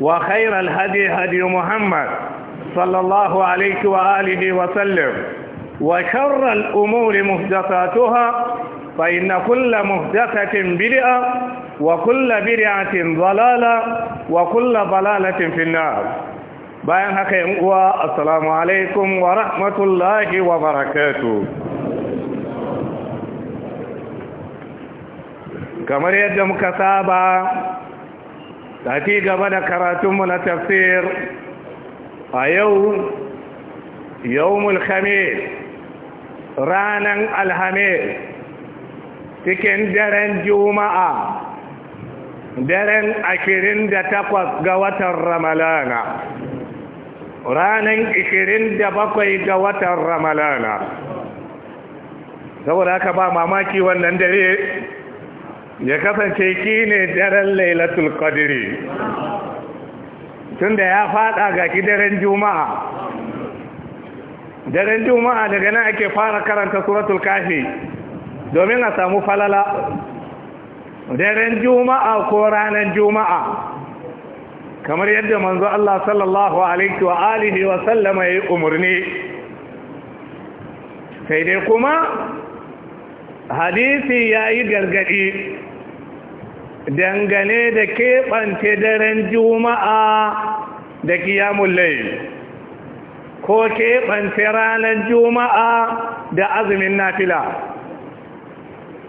وخير الهدي هدي محمد صلى الله عليه وآله وسلم وشر الأمور مهدثاتها فإن كل مهدثة بدعة وكل برعة ضلالة وكل ضلالة في النار بيان haka yan عليكم ورحمة الله وبركاته كما wa barakatuh a ci gaba da karatunmu na tafsir a yau yau khamis ranar alhamis cikin daren juma'a daren ashirin da takwas ga watan ramalana ranar ashirin da bakwai ga watan ramalana saboda haka ba mamaki wannan dare ya kasance ki ne daren lailatul qadri tunda ya fada ga ki daren juma'a daren juma'a daga nan ake fara karanta suratul kafi domin a samu falala daren juma'a ko ranar juma'a kamar yadda manzo Allah sallallahu alaihi wa alihi wa sallama yayi umurni sai dai kuma hadisi yayi gargadi dangane da keɓance daren juma'a da kiyamun ko keɓance ranar juma'a da azumin nafila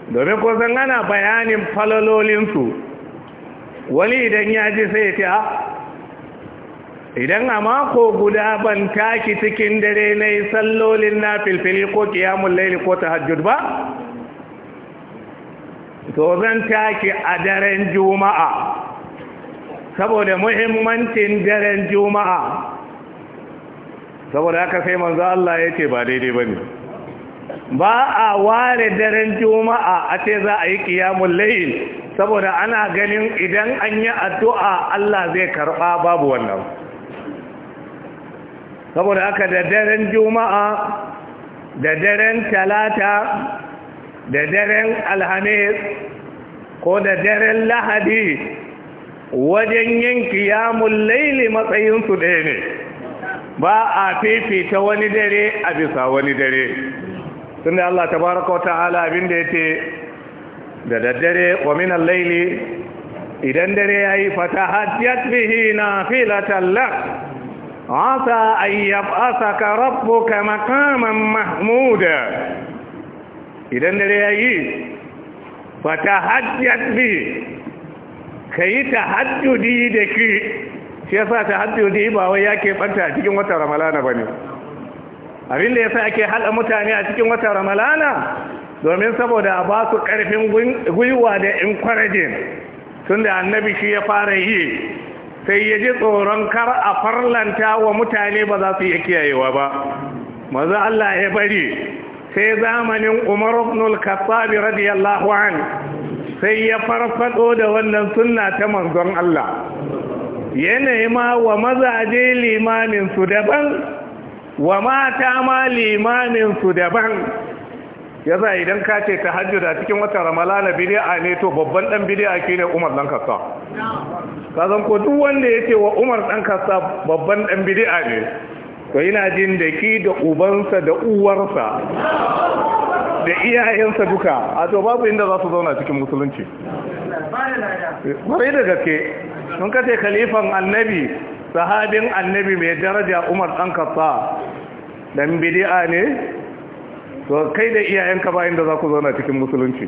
domin san ana bayanin falalolinsu wani idan ya ji sai ta ah, idan a mako guda ban taki cikin dare na yi sallolin na filfili ko kiyamun laili ko ta ba to zan take a daren juma'a saboda muhimmancin daren juma'a saboda haka sai manzo Allah ya ce ba daidai ba ne ba a ware daren juma'a a ce za a yi kiyamun layin saboda ana ganin idan an yi addu'a Allah zai karɓa babu wannan saboda haka da daren juma'a da daren talata da daren alhamis ko da daren lahadi wajen yin kiyamun laili matsayinsu ɗaya ne ba a fifita wani dare a bisa wani dare tun da Allah tabaraka wata'ala abinda ya ce da daddare wa minan laili idan dare ya yi fata hajjiyar bihi na filatallar asa ka rabu rabbuka makaman mahmuda idan dare ya yi fata hajjiyar bi ka yi ta hajjudi da shi shi ya sa ta hajjudi ba wai ya ke banta a cikin wata ramalana ba ne abin da ya sa ake haɗa mutane a cikin wata ramalana domin saboda a ba su ƙarfin gwiwa da encouraging tun da annabi shi ya fara yi sai ya ji tsoron kar a farlanta wa mutane ba za su iya kiyayewa ba maza Allah ya bari sai zamanin umar ibnul khattabi radiyallahu an sai ya farfado da wannan sunna ta manzon Allah yanayi ma wa mazaje limamin su daban wa mata ma limamin su daban yasa idan ka ce ta da cikin wata ramalana bid'a ne to babban dan ke ne Umar dan kasa. kazan ko duk wanda ya ce wa Umar dan kasa babban dan bid'a ne to ina jin da ki da ubansa da uwarsa da iyayensa duka a to babu inda za su zauna cikin musulunci Bari da gaske sun kace khalifan annabi sahabin annabi mai daraja umar dan kafa dan bidi'a ne to kai da iyayenka ba inda za ku zauna cikin musulunci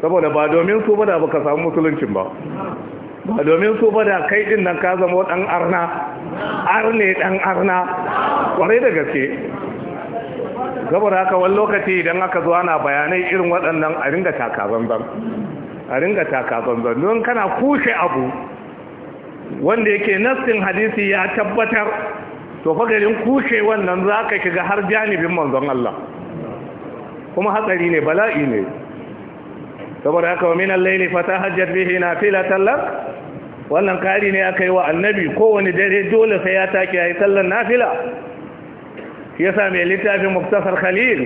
saboda ba domin su ba da baka samu musuluncin ba ba domin su ba da kai din nan ka zama dan arna arne dan arna kwarai da gaske gabar haka wani lokaci idan aka zo ana bayanai irin waɗannan a ringa taka zanzan a ringa taka zanzan don kana kushe abu wanda yake nassin hadisi ya tabbatar to fagarin kushe wannan za ka shiga har janibin manzon Allah kuma hatsari ne bala'i ne saboda haka wa min al-layli fatahajjat bihi nafilatan lak wannan kari ne aka yi wa annabi kowane dare dole sai ya take ya yi sallar nafila ya sami littafin muktasar khalil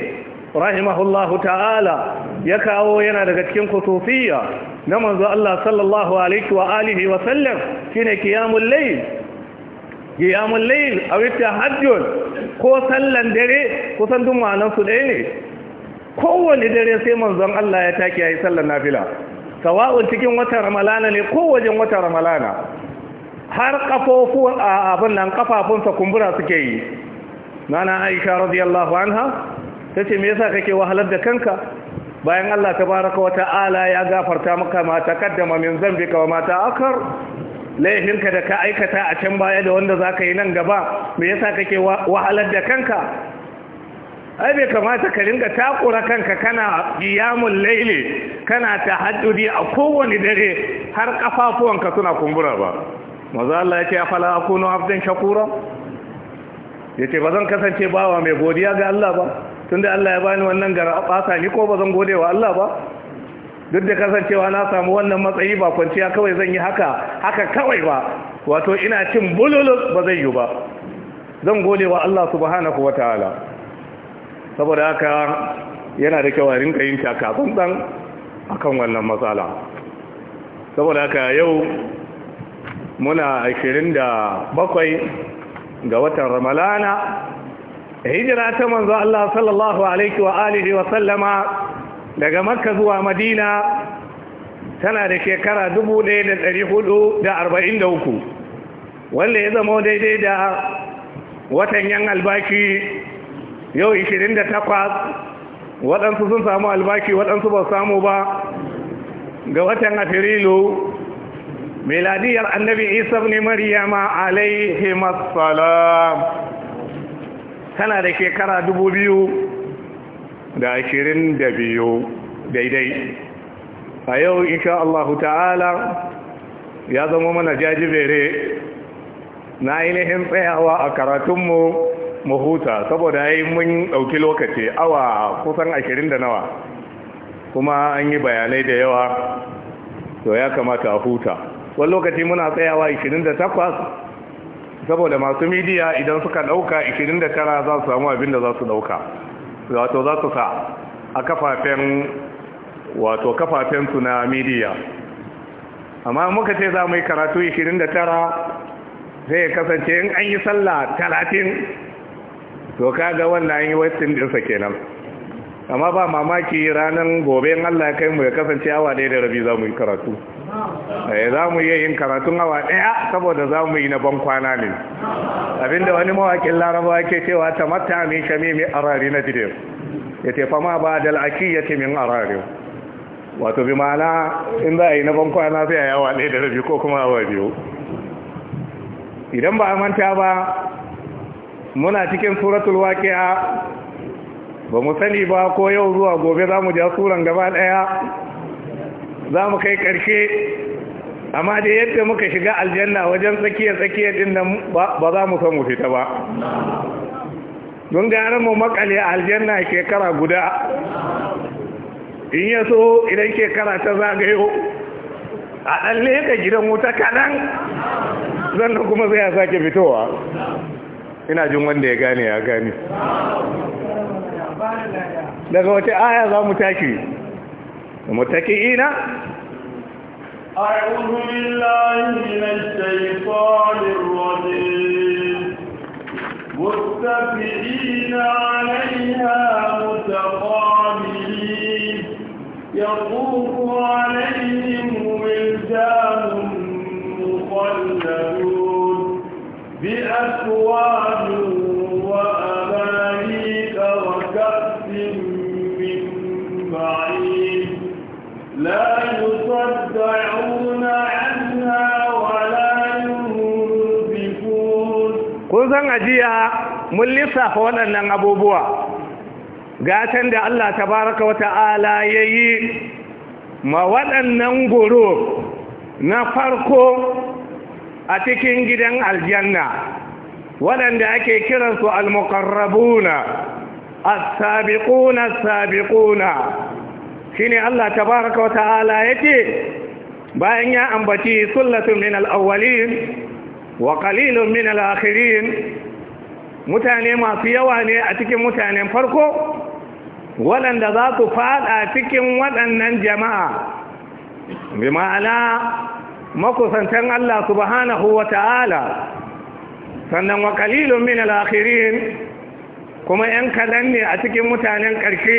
rahimahullahu ta'ala ya kawo yana daga cikin kusufiya na manzo Allah sallallahu alaihi wa alihi wa sallam shine qiyamul layl qiyamul layl aw tahajjud ko sallan dare kusan duk ma'anar su ɗaya ne kowane dare sai manzon Allah ya take yayi sallar nafila sawa'un cikin watan ramalana ne ko wajen watan ramalana har kafofin abin nan kafafunsa kumbura suke yi nana aisha radiyallahu anha tace me yasa kake wahalar da kanka bayan Allah tabaraka wa ta'ala ya gafarta maka ma kaddama min zambika wa ma akar laifinka da ka aikata a can baya da wanda zaka yi nan gaba me yasa kake wahalar da kanka ai bai kamata ka ringa takura kanka kana qiyamul layli kana tahajjudi a kowane dare har kafafuwanka suna kumbura ba maza Allah ya fala akunu abdan shakura yace bazan kasance bawa mai godiya ga Allah ba tunda Allah ya bani wannan fasa ni ko bazan gode wa Allah ba duk da kasancewa na samu wannan matsayi ba kwanciya kawai zan yi haka haka kawai ba wato ina cin bululu ba zai yi ba zan gode wa Allah subhanahu wataala saboda haka yana da kyau a rinka yin takafin dan akan wannan matsala saboda haka yau muna 27 ga watan ramalana hijira ta manzo Allah sallallahu alaihi wa alihi wa sallama daga makka zuwa madina tana da shekara 1443 wanda ya zama daidai da watan yan albashi yau 28 waɗansu sun samu albashi waɗansu ba samu ba ga watan afirilu miladiyar annabi isa ne maryama alaihi masalam tana da shekara biyu daidai a yau insha Allah ta'ala ya zama mana jajibere na ainihin tsayawa a karatunmu mu huta saboda yi mun dauki lokaci awa kusan ashirin da nawa kuma an yi bayanai da yawa to ya kamata a huta wani lokaci muna tsayawa ashirin da takwas? saboda masu midiya idan suka dauka tara za su samu abin da za su dauka wato za su sa a kafafen wato kafafensu na midiya amma muka ce za mu yi karatu ashirin da tara, zai kasance in an yi sallah talatin to kaga wannan yi din sa kenan amma ba mamaki ranar gobe in Allah ya kai mu ya kasance awa ɗaya da rabi za mu yi karatu eh, za mu yi yin karatun awa ɗaya saboda za mu yi na ban kwana ne abinda wani mawakin larabawa ke cewa tamatta mata min shamimi arari na jidir ya ce fama ba da akiyati ya min arari wato bi ma'ana in za a yi na ban kwana sai a yawa ɗaya da rabi ko kuma awa biyu idan ba a manta ba muna cikin suratul waqi'a ba mu sani ba ko yau zuwa gobe za mu ja suran gaba ɗaya za mu kai ƙarshe amma da yadda muka shiga aljanna wajen tsakiya-tsakiya din nan ba za mu san fita ba don gara mu makale aljanna shekara guda in yaso idan shekara ta zagayo a ɗan leka gidan wuta kaɗan zan kuma zai sake fitowa ina jin wanda ya gane ya gane daga wata aya za mu taki mu taki ina a'udhu ya minash shaitanir rajim mustafiina بأكواب وأمانيك وكأس من معين لا يصدعون عنها ولا ينزفون kun san ajiya mun lissafa waɗannan abubuwa gatan da Allah Ta tabaraka wa ta'ala yayi ma waɗannan goro na farko a cikin gidan aljanna waɗanda ake kiransu al-muqarrabuna as-sabiquna as-sabiquna shine Allah tabaaraka wa ta'ala yake bayan ya ambaci sullatu min al-awwalin wa qalilun min al-akhirin mutane masu yawa ne a cikin mutanen farko waɗanda za su fada cikin waɗannan jama'a bi ma'ana makusantan Allah subhanahu wa ta'ala sannan wa kalilun min al-akhirin kuma ‘yan kadan ne a cikin mutanen ƙarshe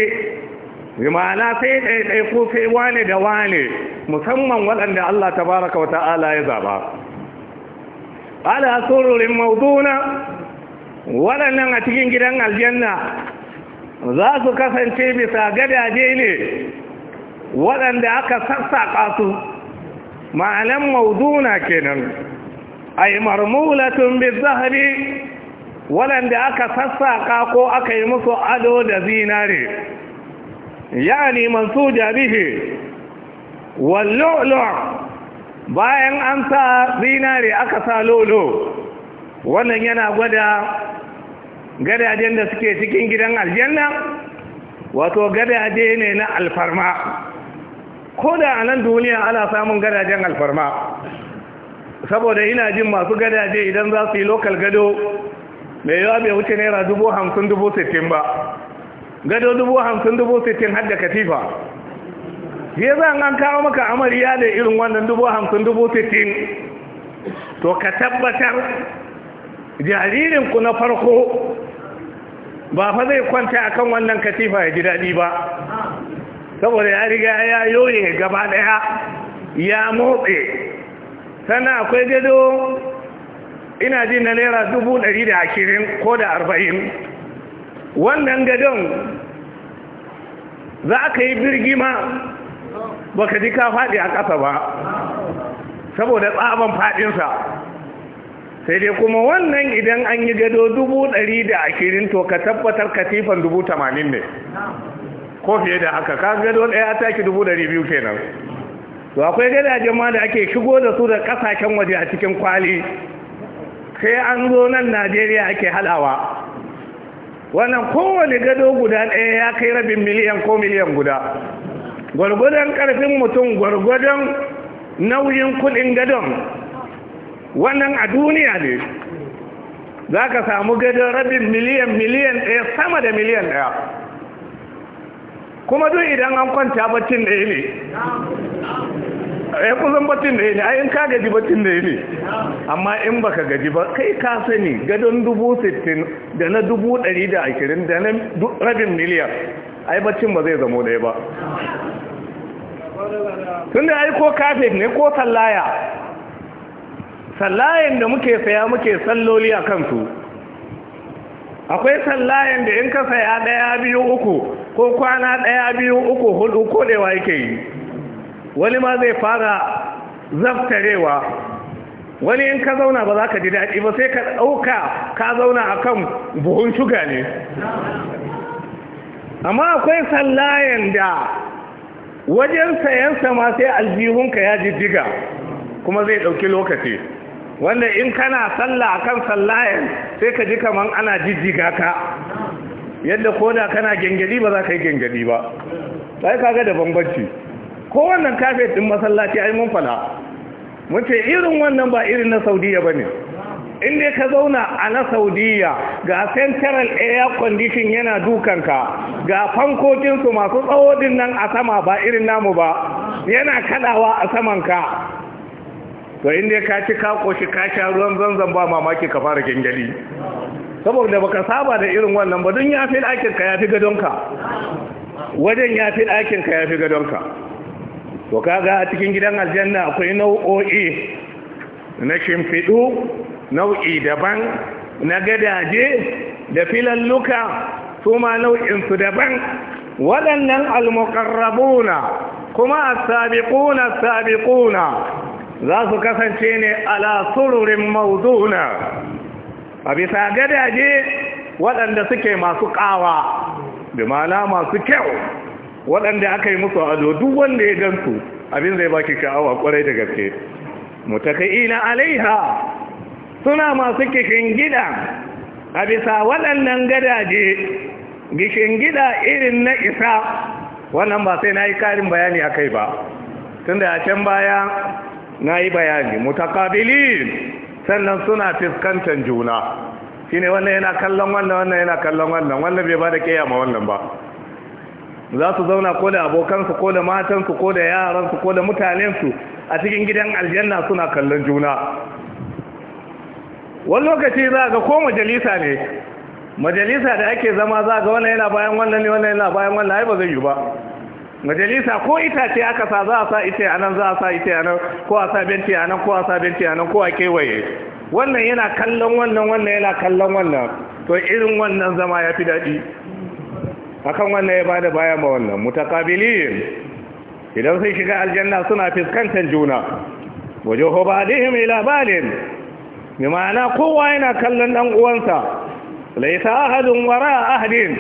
bi ma'ana sai ku sai wane da wane musamman waɗanda Allah ta baraka wa ta'ala ya zaba ala sururin mawduna waɗannan a cikin gidan aljanna za su kasance bisa gadaje ne waɗanda aka sassaƙa su ma'anan mauduna kenan ay marmulatun bizahabi waɗanda aka sassaka ko aka yi musu ado da zinare yani mansuja bihi wallu'lu bayan an sa zinare aka sa lolo wannan yana gwada gadajen da suke cikin gidan aljanna wato gadaje ne na alfarma ko da a nan duniya ana samun gadajen alfarma saboda ina jin masu gadaje idan za su yi lokal gado mai yawa mai wuce naira dubu hamsin dubu sittin ba gado dubu hamsin dubu sittin har katifa ya zan an kawo maka amarya da irin wannan dubu hamsin dubu sittin to ka tabbatar jaririnku na farko ba fa zai kwanta akan wannan katifa ya ji daɗi ba saboda ya riga ya yoye gaba ɗaya, ya motse sannan akwai gado ina ji na naira dubu ɗari da ashirin ko da arba'in wannan gadon za ka yi birgima ba ka ji ka faɗi a ƙasa ba saboda tsaban faɗinsa sai dai kuma wannan idan an yi gado dubu ɗari da ashirin to ka tabbatar katifan dubu tamanin ne ko fiye da haka ka gado ɗaya a taki dubu ɗari biyu kenan to akwai gadajen ma da ake shigo da su da ƙasashen waje a cikin kwali sai an zo nan najeriya ake halawa wannan kowane gado guda ɗaya ya kai rabin miliyan ko miliyan guda gwargwadon ƙarfin mutum gwargwadon nauyin kuɗin gadon wannan a duniya ne za ka samu gadon rabin miliyan miliyan ɗaya sama da miliyan ɗaya kuma duk idan an kwanta baccin da ya ne ya kusan baccin da ya ne ayin ka gaji baccin da ya ne amma in baka gaji ba kai ka sani gadon dubu sittin da na dubu ɗari da ashirin da na rabin miliyan ai baccin ba zai zamo ɗaya ba tun da ai ko kafet ne ko sallaya sallayen da muke saya muke salloli a kansu akwai sallayen da in ka saya ɗaya biyu uku ko kwana ɗaya biyu uku hudu kodewa yake yi wani ma zai fara zaftarewa wani in ka zauna ba za ka ji daɗi ba sai ka ɗauka ka zauna a kan buhun shuga ne amma akwai sallayen da wajen sayansa ma sai aljihunka ya jijjiga kuma zai ɗauki lokaci wanda in kana sallah akan sallayen sai ka ji kaman ana jijjiga ka yadda koda kana gengedi ba za ka yi gengedi ba sai kaga da bambanci ko wannan kafet din masallaci ai mun fala mun ce irin wannan ba irin na Saudiya bane in dai ka zauna a na Saudiya ga central air condition yana dukanka ga fankokin su masu tsawo din nan a sama ba irin namu ba yana kadawa a saman ka to inda ka ci ka koshi ka sha ruwan zanzan ba mamaki ka fara gingali. saboda baka saba da irin wannan ba don ya fi ɗakin ka ya fi gadonka wajen ya fi ɗakin ka ya fi gadonka to kaga a cikin gidan aljanna akwai nau'o'i na shimfiɗu nau'i daban na gadaje da filalluka su ma su daban waɗannan almuƙarrabuna kuma asabiquna sabiquna za su kasance ne ala sururin mauduna a bisa gadaje waɗanda suke masu ƙawa da masu kyau waɗanda aka yi musu ado duk wanda ya gansu abin zai baki sha'awa ƙwarai da gaske mutaka'ina alaiha suna masu kishin gida a bisa waɗannan gadaje gishin gida irin na isa wannan ba sai na yi ƙarin bayani a kai ba tun da a can baya na yi bayani mutakabili sannan suna fiskantar juna shi ne wannan yana kallon wannan wannan yana kallon wannan wannan bai ba da kiyama wannan ba za su zauna ko da abokansu ko da matansu ko da yaransu ko da mutanensu a cikin gidan aljanna suna kallon juna wani lokaci za ga ko majalisa ne majalisa da ake zama za ga wannan yana bayan wannan ne wannan yana bayan wannan ai ba zai yi ba majalisa ko itace aka sa za a sa ita a nan za a sa ita a nan ko a sa benci a nan ko a sa benci a nan ko a kewaye wannan yana kallon wannan wannan yana kallon wannan to irin wannan zama ya fi daɗi akan wannan ya bada bayan ma wannan mutakabilin idan sai shiga aljanna suna fiskantar juna waje hobadihim ila balin mai ma'ana kowa yana kallon ɗan uwansa laisa ahadin wara ahadin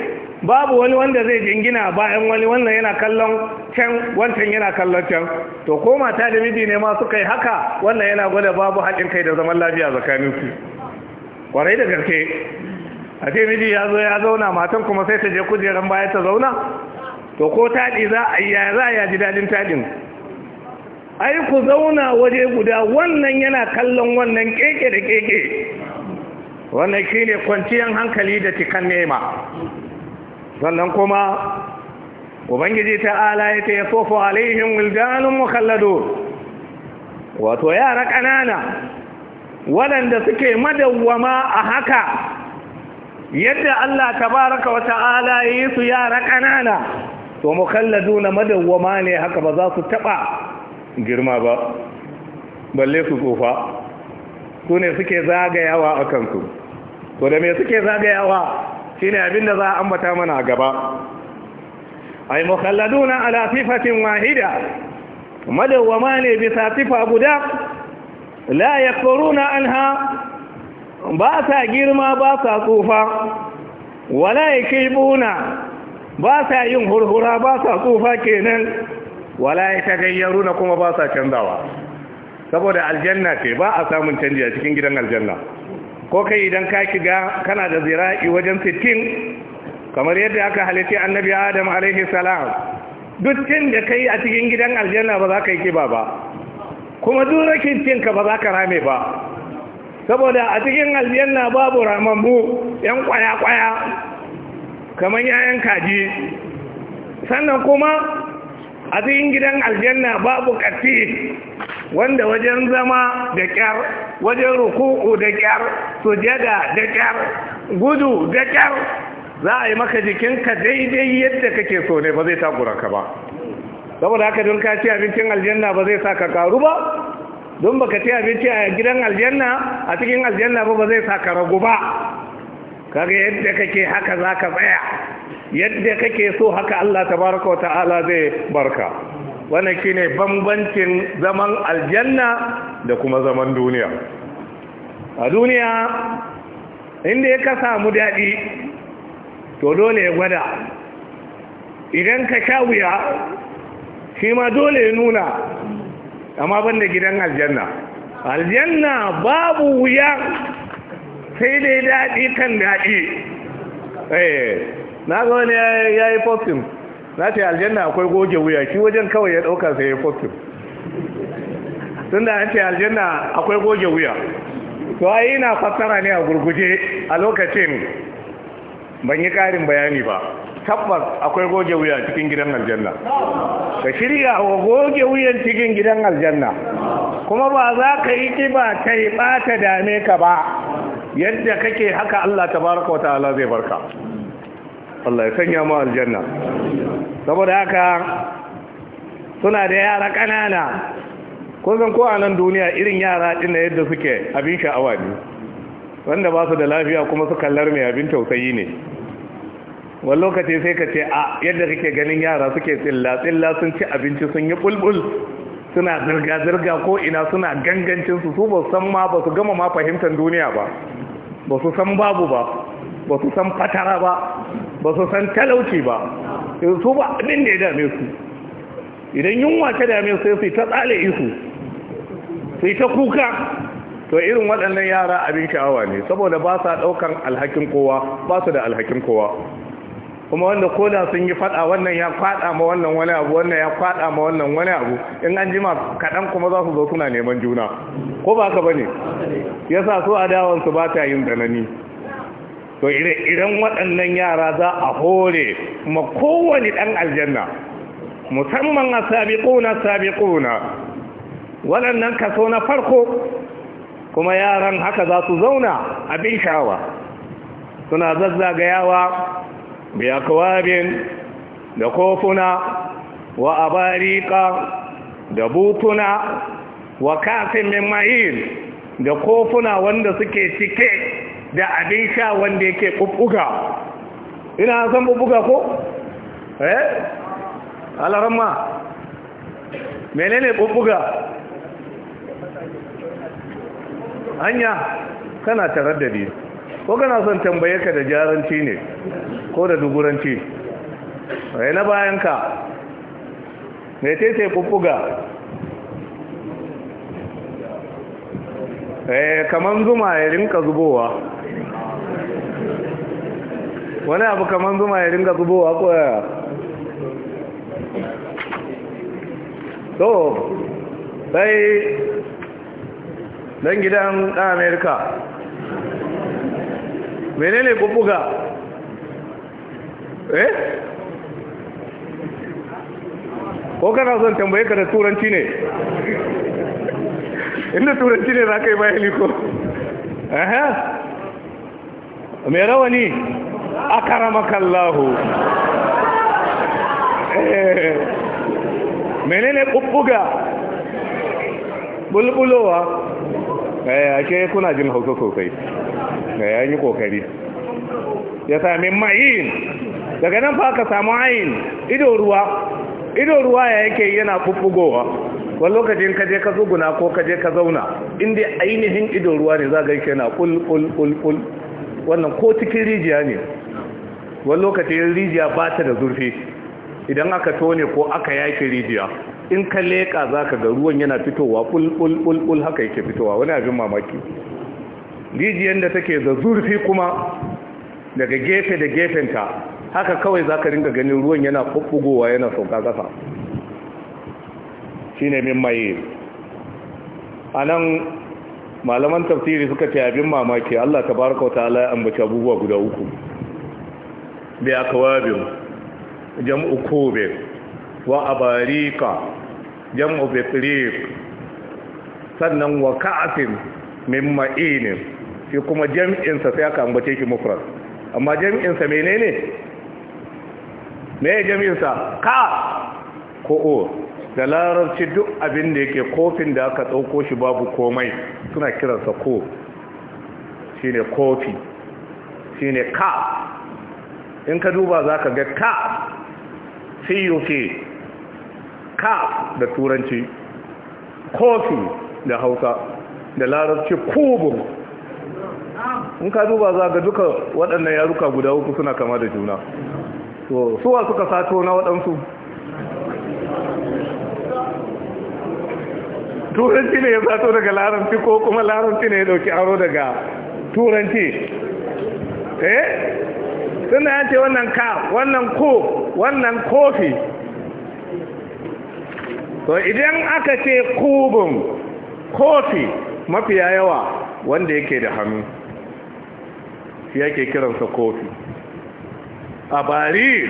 babu wani wanda zai jingina bayan wani wannan yana kallon can wancan yana kallon can to ko mata da miji ne ma suka yi haka wannan yana gwada babu haɗin kai da zaman lafiya tsakanin kwarai da garke, a ce miji ya zo ya zauna matan kuma sai ta je kujeran baya ta zauna to ko taɗi za a yi za a ji daɗin taɗin ai ku zauna waje guda wannan yana kallon wannan keke da keke wannan shine kwanciyar hankali da cikan nema sannan kuma ubangiji ta'ala ya ce ya sofo alaihim wildanun mukhalladu wato yara ƙanana waɗanda suke madawwama a haka yadda Allah tabaraka wa ta'ala ya yi su yara ƙanana to mukhalladu na madawwama ne haka ba za su taɓa girma ba balle su tsofa. su ne suke zagayawa a kansu to da me suke zagayawa shine abin da za a ambata mana a gaba ai mukhalladuna ala sifatin wahida madawama ne bisa sifa guda la yakfuruna anha ba sa girma ba sa tsufa wala yakibuna ba sa yin hurhura ba sa tsufa kenan wala yatagayyaruna kuma ba sa canzawa saboda aljanna ce ba a samun canji a cikin gidan aljanna ko kai idan ka shiga kana da zira'i wajen sittin kamar yadda aka halitta annabi adam alaihi salam duk cin da kai a cikin gidan aljanna ba za ka yi kiba ba kuma duk cinka ba za ka rame ba saboda a cikin aljanna babu ramammu yan kwaya-kwaya kamar yayan kaji sannan kuma a cikin gidan aljanna babu kati wanda wajen zama da kyar wajen ruku'u da kyar sujada da kyar gudu da kyar za a yi maka jikinka daidai yadda kake so ne ba zai takura ka ba saboda haka don ka ci abincin aljanna ba zai sa ka karu ba don baka ci abinci a gidan aljanna a cikin aljanna ba zai sa ka ragu ba kaga yadda kake haka zaka tsaya yadda kake so haka Allah tabaraka wa ta'ala zai barka wannan shine bambancin zaman aljanna da kuma zaman duniya a duniya inda ya kasa mu daɗi to dole ya gwada idan ka sha wuya shi ma dole ya nuna amma banda gidan aljanna aljanna babu wuya sai dai daɗi kan daɗi eh. na ga wani ya yi postin na ce aljanna akwai goge wuya shi wajen kawai ya ɗauka sai ya postin tun da an ce aljanna akwai goge wuya to a yi na fassara ne a gurguje a lokacin ban yi ƙarin bayani ba tabbas akwai goge wuya cikin gidan aljanna ka shirya wa goge wuyan cikin gidan aljanna kuma ba za ka yi kiba ta yi ɓata dame ka ba yadda kake haka Allah ta tabaraka wata ala zai barka Allah ya sanya mu aljanna saboda haka suna da yara kanana ko zan ko a nan duniya irin yara da yadda suke abin sha'awa ne wanda ba su da lafiya kuma su kallar mai abin tausayi ne wani lokaci sai ka ce a yadda kake ganin yara suke tsilla-tsilla sun ci abinci sun yi bulbul suna zirga-zirga ko ina suna gangancin su su ba san ma ba su gama ma fahimtar duniya ba ba su san babu ba ba su san fatara ba ba su san talauci ba su ba abin da ya dame su idan yunwa ta dame su sai ta tsale isu sai ta kuka to irin waɗannan yara abin sha'awa ne saboda ba sa ɗaukan alhakin kowa ba su da alhakin kowa kuma wanda koda sun yi fada wannan ya fada ma wannan wani abu wannan ya fada ma wannan wani abu in an jima kaɗan kuma za su zo suna neman juna ko ba ka bane yasa so adawansu ba ta yin tsanani to idan waɗannan yara za a hore ma kowane ɗan aljanna musamman a sabi ƙuna waɗannan kaso na farko kuma yaran haka za su zauna abin sha'awa suna zazzagayawa biya kawabin da kofuna wa abarika da butuna wa kafin min da kofuna wanda suke cike da abin sha wanda yake ƙuɓɓuka ina san ƙuɓɓuka ko eh alaramma menene ƙuɓɓuka? hanya kana biyu. ko kana son tambaye ka da jaranci ne ko da duburanci rai eh, na bayanka mai tete ƙuɓɓuka eh kamar zuma ya rinka zubowa wani abu kamar zuma ya ringa zubowa koyaya to sai don gidan ɗan amerika menene kubuga eh ko kana son tambaye ka da turanci ne inda turanci ne za ka yi bayan liko? aha mai rawani Mene eh. menene bubbuga bulbulowa eh ake kuna jin hausa sosai eh ya yi kokari ya sami mayin daga nan fa ka samu ayin ido ruwa ido ruwa ya yake yana bubbugowa wani lokacin ka je ka zuguna ko ka je ka zauna inda ainihin ido ruwa ne za ga yake yana kul kul kul kul wannan ko cikin rijiya ne wani lokacin rijiya ba ta da zurfi idan aka tone ko aka yake rijiya in ka leƙa za ka ga ruwan yana fitowa ɓulɓulɓul haka yake fitowa wani abin mamaki rijiyar da take da zurfi kuma daga gefe da gefenta haka kawai za ka ringa ganin ruwan yana ɓuɓɓugowa yana sauka ƙasa shi ne min maye a nan malaman tafsiri suka ce abin mamaki allah ta baraka wata ala ya ambaci abubuwa guda uku bi akwabin jam'u kubin wa abarika jam'u sannan wa ka'atin min ma'inin shi kuma jam'insa sai aka ambace shi mufrad amma jam'insa menene me jam'insa ka ko o da larabci duk abin da yake kofin da aka ɗauko shi babu komai suna kiransa ko shine kofi shine ka in ka duba za ka ga ka cuk ka da turanci kofi da hausa da larabci kubur in ka duba za ga duka waɗannan yaruka guda uku suna kama da juna to suwa suka sato na waɗansu turanci ne ya sato daga larabci ko kuma larabci ne ya dauki aro daga turanci eh tunda ya ce wannan ka wannan ko wannan kofi to idan aka ce kubin kofi mafi yawa wanda yake da hannu shi yake kiransa kofi a bari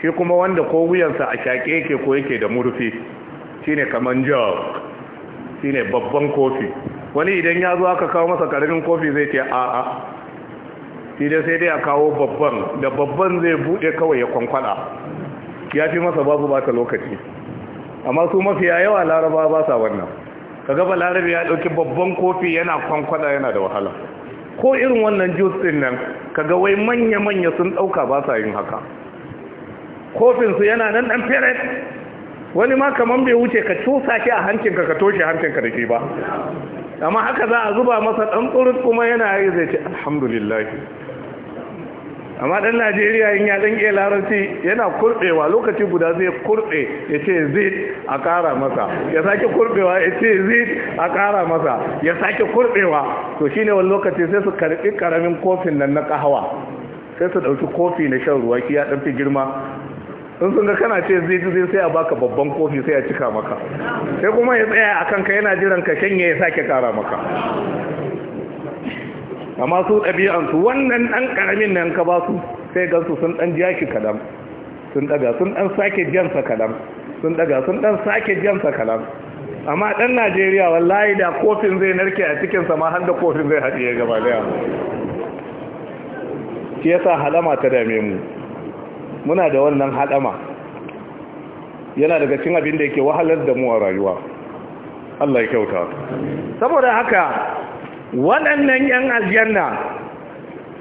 shi kuma wanda ko wuyansa a shaƙe yake ko yake da murfi shine kaman jog shine babban kofi wani idan ya zo aka kawo masa karamin kofi zai ce a'a shi dai sai dai a kawo babban da babban zai bude kawai ya kwankwala ya fi masa babu ba ta lokaci amma su mafiya yawa laraba ba sa wannan ka gaba laraba ya dauki babban kofi yana kwankwala yana da wahala ko irin wannan jus din nan kaga wai manya-manya sun dauka ba sa yin haka kofin su yana nan dan feret wani ma kaman bai wuce ka cusa shi a hancinka ka toshe hancinka da ke ba amma haka za a zuba masa dan tsurut kuma yana yi zai ce alhamdulillah amma dan najeriya in ya dan iya larabci yana kurbewa lokaci guda zai kurbe ya ce zid a kara masa ya sake kurbewa ya ce zid a kara masa ya sake kurbewa to shine wani lokaci sai su karbi karamin kofin nan na kahawa sai su dauki kofi na shan ruwa ki ya dan fi girma in sun ga kana ce zai ji sai a baka babban kofi sai a cika maka sai kuma ya tsaya akan ka yana jiran ka shanye ya sake kara maka amma su ɗabi'ansu wannan ɗan ƙaramin nan ka ba su sai gansu sun ɗan ja shi kaɗan sun ɗaga sun ɗan sake jansa kaɗan sun ɗaga sun ɗan sake jansa kaɗan amma ɗan najeriya wallahi da kofin zai narke a cikinsa ma har da kofin zai haɗiye gaba daya shi yasa halama ta dame mu muna da wannan halama yana daga cin abin da yake wahalar da mu a rayuwa Allah ya kyauta saboda haka waɗannan 'yan aljanna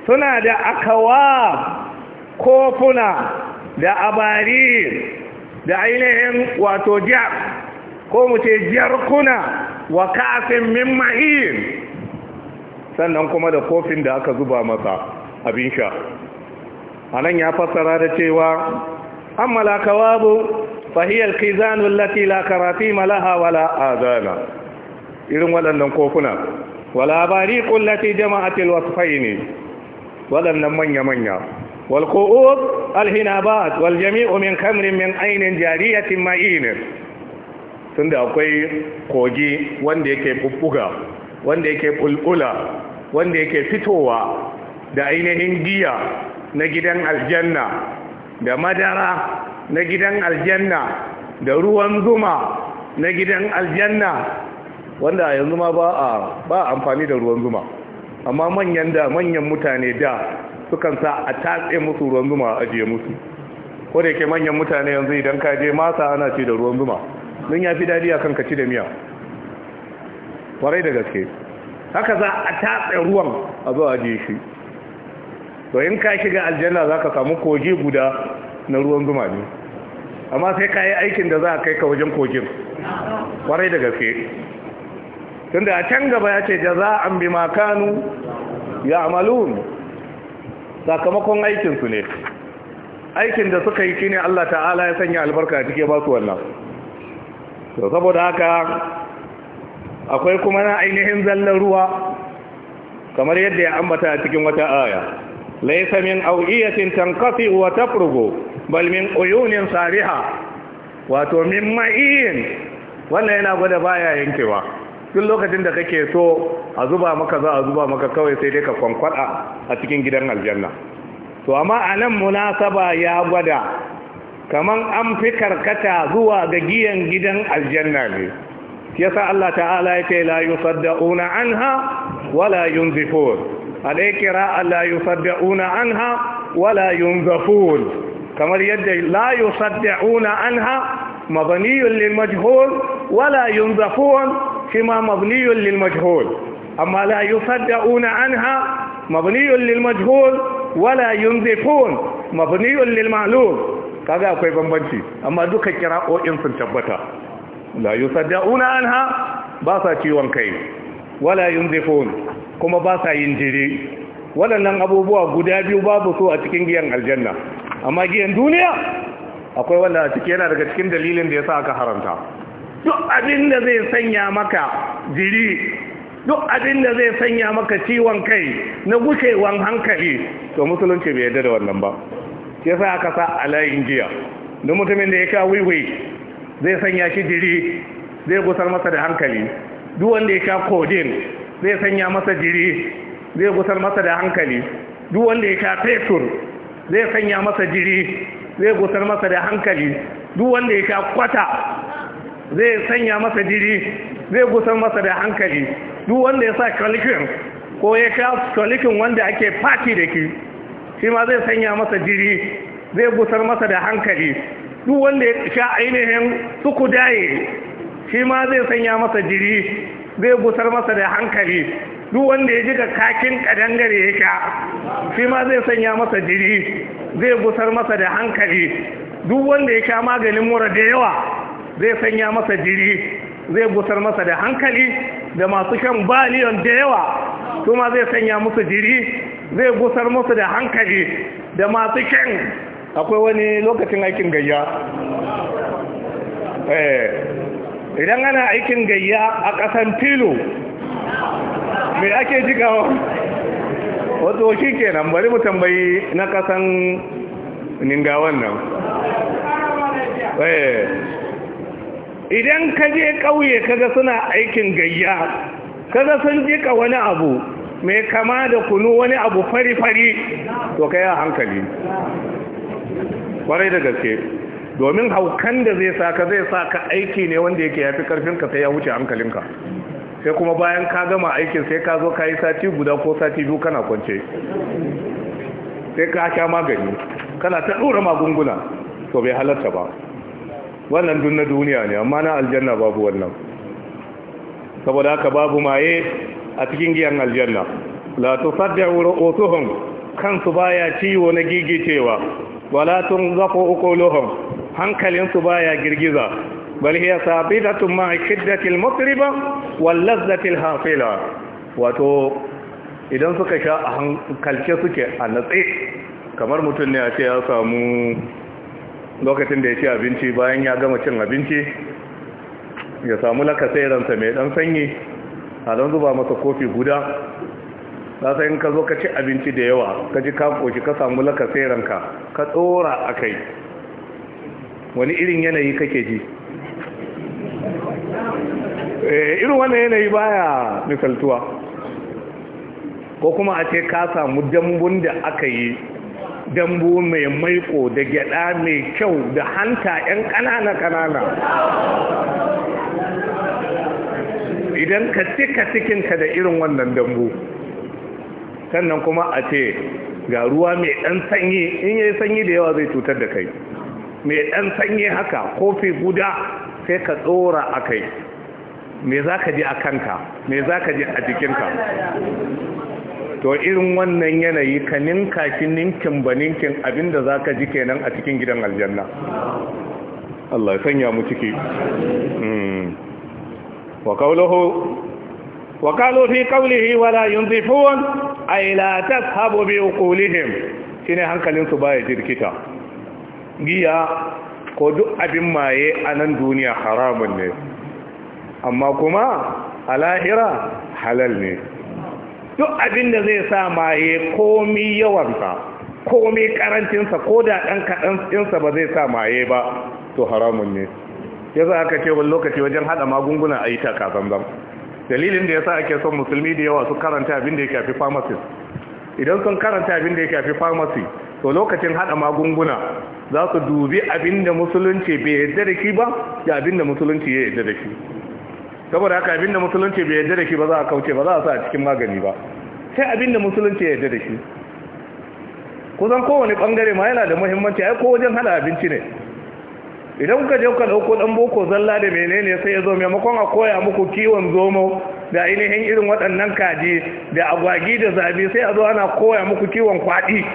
suna da akawa kofuna da abari da ainihin wato jar ko mu ce jarkuna wa kafin min ma'in sannan kuma da kofin da aka zuba masa abin sha a nan ya fassara da cewa an malakawa bu fahiyar kizanun lati lakarafi malaha wala azana irin waɗannan kofuna walabari bariq allati jama'at alwasfayn wadannan manya manya wal qu'ud alhinabat wal min kamrin min aynin jariyatin ma'in tunda akwai kogi wanda yake bubbuga wanda yake bulbula wanda yake fitowa da ainihin giya na gidan aljanna da madara na gidan aljanna da ruwan zuma na gidan aljanna wanda a yanzu ma ba a ba amfani da ruwan zuma amma manyan da manyan mutane da sukan sa a tatse musu ruwan zuma a ajiye musu ko da yake manyan mutane yanzu idan ka je masa ana ci da ruwan zuma don ya fi dadi akan ka ci da miya kwarai da gaske haka za a tatse ruwan a zo ajiye shi to in ka shiga aljanna za ka samu kogi guda na ruwan zuma ne amma sai ka yi aikin da za a kai ka wajen kogin kwarai da gaske tunda a can gaba ya ce bi makanu ya amalu. sakamakon aikinsu ne aikin da suka yi ne Allah ta'ala ya sanya albarka cike ba su wannan to saboda haka akwai kuma na ainihin zallar ruwa kamar yadda ya ambata a cikin wata aya laisa min awiyatin tanqati wa tafrugu bal min uyunin sariha wato min ma'in wannan yana gwada baya yankewa duk lokacin da kake so a zuba maka za a zuba maka kawai sai dai ka kwankwada a cikin gidan aljanna to amma a nan munasaba ya gwada kaman an fi karkata zuwa ga giyan gidan aljanna ne yasa Allah ta'ala ya ce la yusaddauna anha wala yunzifun alaykira qira'a yusaddauna anha wala yunzifun kamar yadda la yusaddauna anha lil majhul wala ينظفون shi ma mabniyun lil majhul amma la yusaddauna anha mabniyun lil majhul wala kaga akwai bambanci amma duka kira'o'in sun tabbata la yusaddauna anha ba sa ciwon kai wala yunzifun kuma ba sa yin jiri waɗannan abubuwa guda biyu babu so a cikin giyan aljanna amma giyan duniya akwai wanda a ciki yana daga cikin dalilin da ya sa aka haramta duk abin da zai sanya maka jiri duk abin da zai sanya maka ciwon kai na gushewan hankali to musulunci bai yarda da wannan ba ke sa aka sa a layin jiya Da mutumin da ya sha wiwi zai sanya shi jiri zai gusar masa da hankali duk wanda ya sha kodin zai sanya masa jiri zai gusar masa da hankali duk wanda ya sha fetur zai sanya masa jiri zai gusar masa da hankali duk wanda ya sha kwata zai sanya masa jiri zai gusan masa da hankali duk wanda ya sa kalikin ko ya kya kalikin wanda ake fati da ki shi ma zai sanya masa jiri zai gusar masa da hankali duk wanda ya sha ainihin suku daye shi ma zai sanya masa jiri zai gusar masa da hankali duk wanda ya ji ga kakin kadangare ya sha shi ma zai sanya masa jiri zai gusar masa da hankali duk wanda ya sha maganin mura da yawa zai sanya masa jiri zai gusar masa da hankali da masu shan baliyon da yawa kuma zai sanya musu jiri zai gusar musu da hankali da masu shan akwai wani lokacin aikin gayya eh, idan ana aikin gayya a ƙasan filo mai ake jigawa wato shi kenan bari mu tambayi na ƙasan ningawan nan eh, idan ka je ƙauye kaga suna aikin gayya kaga sun jika wani abu mai kama da kunu wani abu fari-fari to ka yi hankali kwarai da gaske domin haukan da zai saka zai saka aiki ne wanda yake ya yafi ƙarfinka sai ya wuce hankalinka sai kuma bayan ka gama aikin sai ka zo ka yi sati guda ko sati biyu kana kwance sai ka sha magani kana ta ɗora magunguna to bai halarta ba wannan dun na duniya ne amma na aljanna babu wannan saboda haka babu maye a cikin giyan aljanna la tusaddu ru'usuhum kansu baya ciwo na gigicewa wala tunzaqu uquluhum hankalinsu baya girgiza bal hiya sabitatun ma shiddati mutriba wal ladzati hafila wato idan suka sha a hankalce suke a natse kamar mutum ne a ce ya samu lokacin da ya ci abinci bayan ya gama cin abinci ya samu ransa mai dan sanyi a don zuba masa kofi guda sasa in ka zo ka ci abinci da yawa ka ji koshi ka samu ranka ka tsora a kai wani irin yanayi kake ji eh, irin wannan yanayi baya misaltuwa ko kuma a ce ka samu dambun da aka yi dambu mai maiko da gyada mai kyau da hanta 'yan ƙanana-ƙanana idan ka cika cikinka da irin wannan dambu sannan kuma a ce ga ruwa mai ɗan sanyi in yi sanyi da yawa zai cutar da kai mai ɗan sanyi haka kofi guda sai ka tsora a kai me za ka ji a kanka me za ka ji a jikinka to irin wannan yanayi ka ninka shi ninkin ba ninkin abinda za ka ji kenan a cikin gidan aljanna Allah ya sanya mu ciki hmm. wa kaulahu fi qawlihi wa la yunzifun ay la tashabu bi Shi ne hankalin su baya jirkita giya ko duk abin maye a nan duniya haramun ne amma kuma a lahira halal ne duk abin da zai sa maye komi yawansa komi karancinsa ko da ɗan kaɗancinsa ba zai sa maye ba to haramun ne ya za aka ce wani lokaci wajen haɗa magunguna a yi taka zanzan dalilin da ya sa ake son musulmi da yawa su karanta abin da ya kafi pharmacy idan sun karanta abin da ya kafi pharmacy to lokacin haɗa magunguna za su dubi abinda musulunci bai yadda da shi ba da abinda musulunci ya yadda da shi saboda haka abin da musulunci bai yadda da shi ba za a kauce ba za a sa a cikin magani ba sai abin da musulunci ya yadda da shi kusan kowane bangare ma yana da muhimmanci ai ko wajen hana abinci ne idan kuka je kuka dauko dan boko zalla da menene sai ya zo maimakon a koya muku kiwon zomo da ainihin irin waɗannan kaji da agwagi da zabi sai a zo ana koya muku kiwon kwaɗi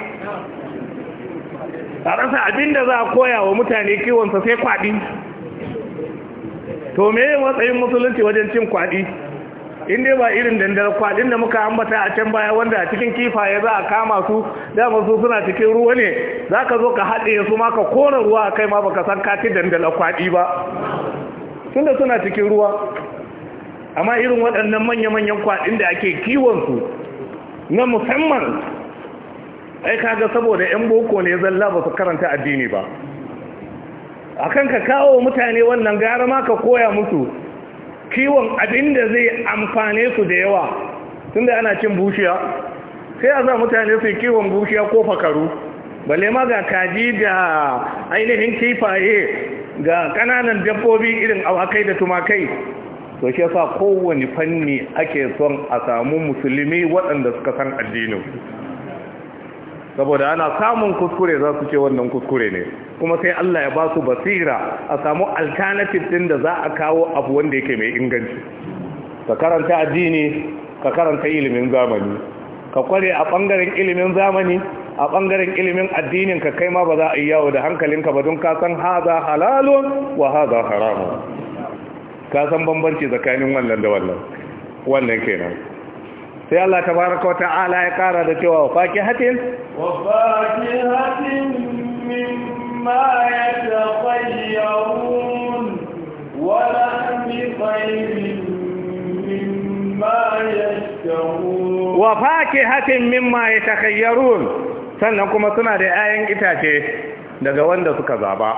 a rasa abin da za a koya wa mutane kiwonsa sai kwaɗi to me matsayin musulunci wajen cin kwaɗi in dai ba irin dandar kwaɗin da muka ambata a can baya wanda a cikin kifaye za a kama su dama su suna cikin ruwa ne za ka zo ka haɗe su ma ka kora ruwa a kai ma baka san kati dandar kwaɗi ba Sun da suna cikin ruwa amma irin waɗannan manya-manyan kwaɗin da ake kiwonsu na musamman ai kaga saboda 'yan boko ne zalla ba su karanta addini ba akan ka kawo mutane wannan gara ma ka koya musu kiwon abin da zai amfane su da yawa Tun da ana cin bushiya sai a za mutane su kiwon bushiya ko fakaru balle ma ga kaji da ainihin kifaye ga kananan dabbobi irin awakai da tumakai to shi yasa kowane fanni ake son a samu musulmi waɗanda suka san addinin saboda ana samun kuskure za su ce wannan kuskure ne kuma sai Allah ya ba su basira a samu alternative din da za a kawo abu wanda yake mai inganci ka karanta addini ka karanta ilimin zamani ka kware a bangaren ilimin zamani a bangaren ilimin addinin ka kai ma ba za a yi yawo da hankalinka ba don ka san haza halalun wa haza haramun ka san bambanci tsakanin wannan da wannan wannan kenan sai Allah ta tabaraka wa ta'ala ya kara da cewa fakihatin wa fakihatin mimma yataqayyarun wa lahmi tayyibin mimma yashtahun wa fakihatin mimma yataqayyarun sannan kuma suna da 'ya'yan itace daga wanda suka zaba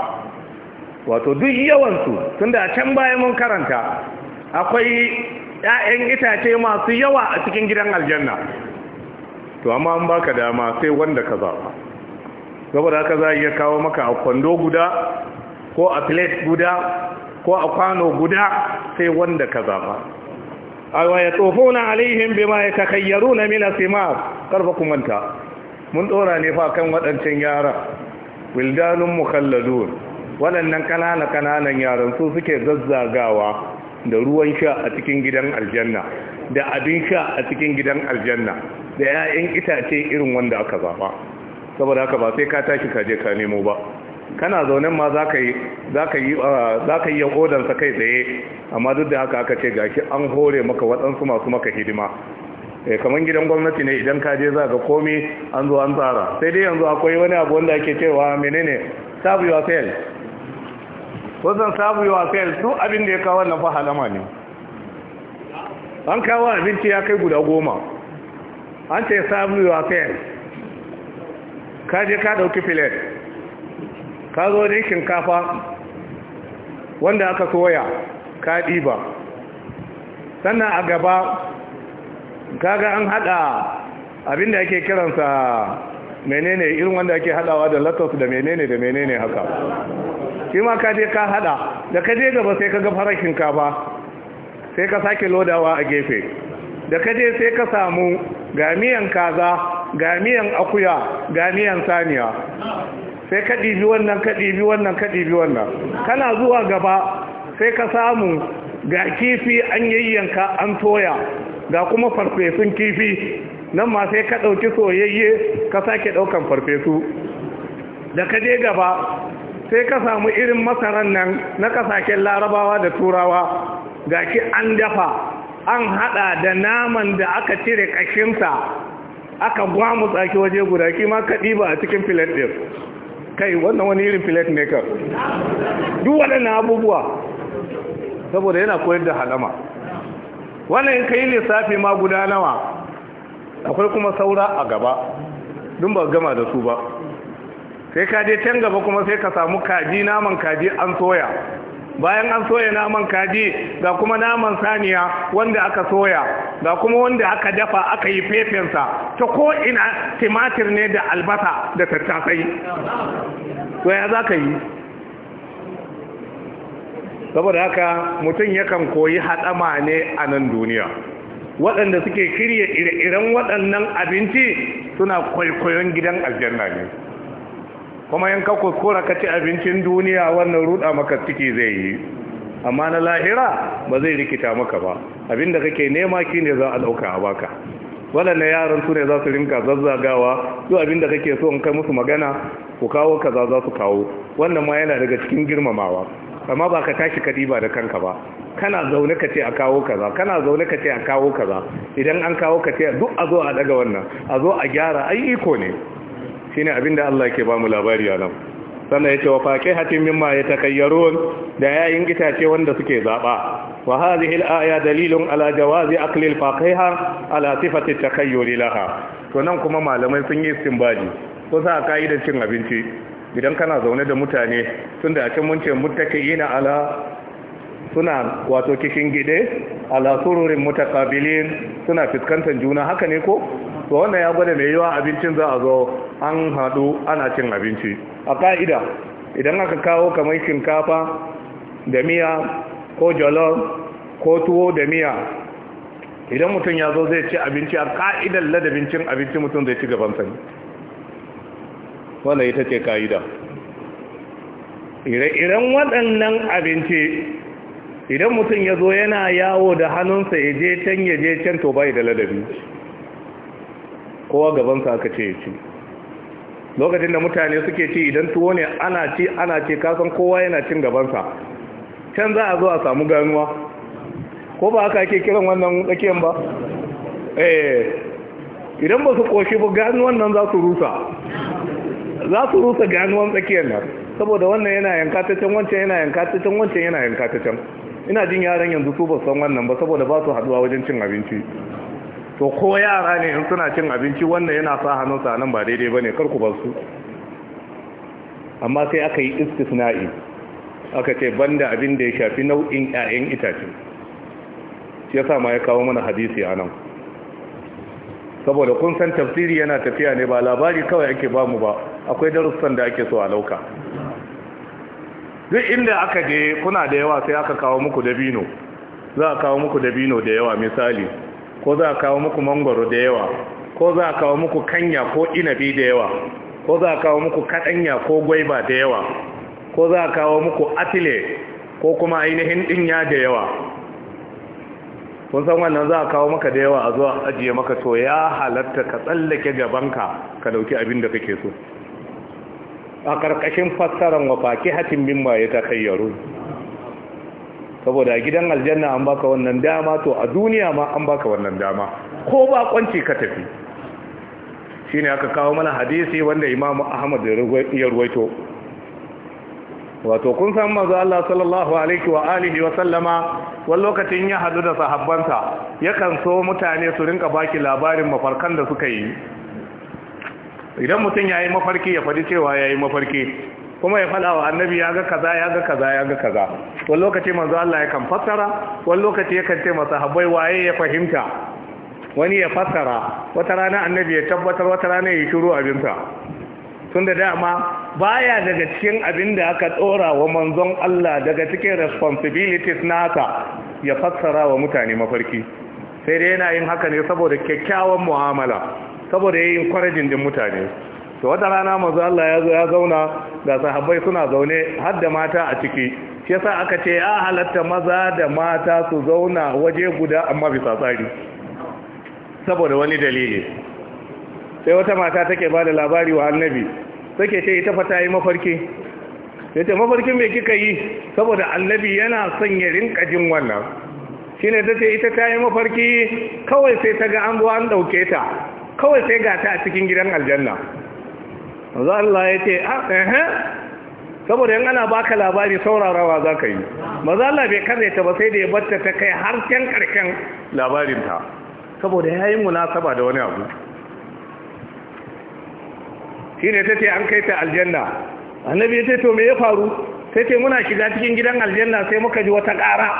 wato duk yawansu tunda a can baya mun karanta akwai 'ya'yan itace masu yawa a cikin gidan aljanna to amma an baka dama sai wanda ka zaba saboda haka za iya kawo maka a kwando guda ko a plate guda ko a kwano guda sai wanda ka zaba aiwa ya tsofona alaihim bima ya kakayyaru na mina sima karfa kumanta mun dora ne fa kan waɗancan yara wildanun mukhalladun waɗannan kanana kananan yaran su suke zazzagawa da ruwan sha a cikin gidan aljanna da abin sha a cikin gidan aljanna da 'ya'yan itace irin wanda aka zaba saboda haka ba sai ka tashi ka je ka nemo ba kana zaune ma za ka yi yan ah, odansa kai tsaye amma duk da haka aka ce gashi an hore maka waɗansu masu maka hidima eh, kamar gidan gwamnati ne idan ka je za ga komi an zo an tsara sai dai yanzu akwai wani abu wanda ake cewa menene sabuwa sale wasan sabu yawa sayar su abin da ya kawo wannan fa halama ne an kawo abinci ya kai guda goma an ce samu yawa yanzu. ka je ka dauki filet ka zo ne shinkafa wanda aka soya ka ɗiba sannan a gaba kaga an hada abinda ake kiransa menene irin wanda ake hadawa da latos da menene da menene haka shi ma ka je ka hada da ka je gaba sai ka ga farashinka ba sai ka sake lodawa a gefe da ka je sai ka samu ga kaza ga akuya ga saniya sai ka ɗibi wannan ka ɗibi wannan ka ɗibi wannan kana zuwa gaba sai ka samu ga kifi an yayyanka an toya ga kuma farfesun kifi nan ma sai ka ɗauki soyayye ka sake ɗaukan farfesu da ka je gaba sai ka samu irin masaran nan na kasashen larabawa da turawa ga gashi an dafa an hada da naman da aka cire kashinsa aka gwamu tsaki waje guda kima ka ɗiba a cikin filet ɗin kai wannan wani irin filet ne ka duk waɗannan abubuwa saboda yana koyar da halama wannan ka yi lissafi ma guda nawa akwai kuma saura a gaba dun ba gama da su ba sai ka je can gaba kuma sai ka samu kaji naman kaji an soya bayan an soya naman kaji ga kuma naman saniya wanda aka soya ga kuma wanda aka dafa aka yi fefensa ta ko ina timatir ne da albasa da tattasai ya za ka yi saboda haka mutum yakan koyi haɗama ne a nan duniya waɗanda suke kirya ire-iren waɗannan abinci suna kwaikwayon gidan aljanna ne kuma yanka ka kuskura ka ci abincin duniya wannan ruda maka ciki zai yi amma na lahira ba zai rikita maka ba abinda kake nema ki ne za a dauka a baka wadanda yaran su ne za su rinka zazzagawa zuwa abin kake so in kai musu magana ku kawo kaza za su kawo wannan ma yana daga cikin girmamawa amma ba ka tashi kaɗi ba da kanka ba kana zaune ka ce a kawo kaza kana zaune ka ce a kawo kaza idan an kawo ka ce duk a zo a daga wannan a zo a gyara ai iko ne ne abin da Allah ke ba mu labari a nan sannan ya ce wa hatin mimma yatakayyarun da yayin gitace wanda suke zaɓa wa hadhihi al dalilin dalilun ala jawazi akli al-faqiha ala sifati laha to nan kuma malamai sun yi baji ko sa ka yi da cin abinci idan kana zaune da mutane tunda a cin mun ce na ala suna wato kishin gide ala sururin mutakabilin suna fuskantar juna haka ne ko to wannan ya gwada mai yawa abincin za a zo an haɗu ana cin abinci a ka'ida idan aka kawo kamar shinkafa da miya ko jalon ko tuwo da miya idan mutum ya zo zai ci abinci a ƙa'idar ladabin cin abinci mutum zai ci gaban sani wannan ita ce ka'ida ire-iren waɗannan abinci idan mutum ya zo yana yawo da hannunsa ya je can ya je can to bai da ladabi kowa gabansa aka ce ya ci lokacin da mutane suke ci idan tuwo ne ana ci ana ce kasan kowa yana cin gabansa can za a zo a samu ganuwa ko ba haka ake kiran wannan tsakiyan ba eh idan ba su koshi ba ganuwan nan za su rusa za su rusa ganuwan tsakiyan nan saboda wannan yana yanka ta can wancan yana yanka ta can wancan yana yanka ta can ina jin yaran yanzu su ba san wannan ba saboda ba su haduwa wajen cin abinci to ko yara ne in suna cin abinci wannan yana sa hannunsa nan ba daidai ba ne ku ba su amma sai aka yi istisna'i aka ce banda abin da ya shafi nau'in 'ya'yan itace shi yasa ma ya kawo mana hadisi a nan saboda kun san tafsiri yana tafiya ne ba labari kawai ake ba mu ba akwai darussan da ake so a lauka duk inda aka je kuna da yawa sai aka kawo muku dabino za a kawo muku dabino da yawa misali ko za a kawo muku mangoro da yawa ko za a kawo muku kanya ko inabi da yawa ko za a kawo muku kaɗanya ko gwaiba da yawa ko za a kawo muku atile ko kuma ainihin ɗinya da yawa kun san wannan za a kawo maka da yawa a zuwa ajiye maka to ya halatta ka tsallake gabanka ka dauki abin da kake so a ƙarƙashin fassarar wa faki hatin bin ya ta kayyaru saboda gidan aljanna an baka wannan dama to a duniya ma an baka wannan dama ko ba kwanci ka tafi shine aka kawo mana hadisi wanda Imam ahmad ya ruwaito wato kun san manzo Allah sallallahu alaihi wa alihi wa sallama wani lokacin ya hadu da sahabbansa yakan so mutane su rinka baki labarin mafarkan da suka yi idan mutum yayi mafarki ya fadi cewa yayi mafarki kuma ya faɗa wa annabi ya ga kaza ya ga kaza ya ga kaza wani lokaci manzo Allah ya kan fassara wani lokaci ya kan ce masa habai waye ya fahimta wani ya fassara wata rana annabi ya tabbatar wata rana ya shiru abinta. tun da dama baya daga cikin abin da aka tsora wa manzon Allah daga cikin responsibilities naka ya fassara wa mutane mafarki sai dai yana yin haka ne saboda kyakkyawan mu'amala saboda yayin kwarajin din mutane to wata rana manzo Allah ya zo ya zauna ga sahabbai suna zaune har da mata a ciki shi yasa aka ce ya ah, halatta maza da mata su zauna waje guda amma bisa tsari saboda wani dalili sai wata mata take ba da labari wa annabi take ce ita fa ta yi mafarki Sai ta mafarkin me kika yi saboda annabi yana son ya rinka jin wannan shi ne ta ita ta yi mafarki kawai sai ta ga an zo an ɗauke ta kawai sai ga ta a cikin gidan aljanna manzo Allah ya ce eh saboda yin ana baka labari saurarawa za ka yi maza Allah bai karne ta ba sai da ya batta ta kai har can karshen labarin ta saboda ya yi munasaba da wani abu shi ne ta ce an kai ta aljanna annabi ya ce to me ya faru sai ce muna shiga cikin gidan aljanna sai muka ji wata ƙara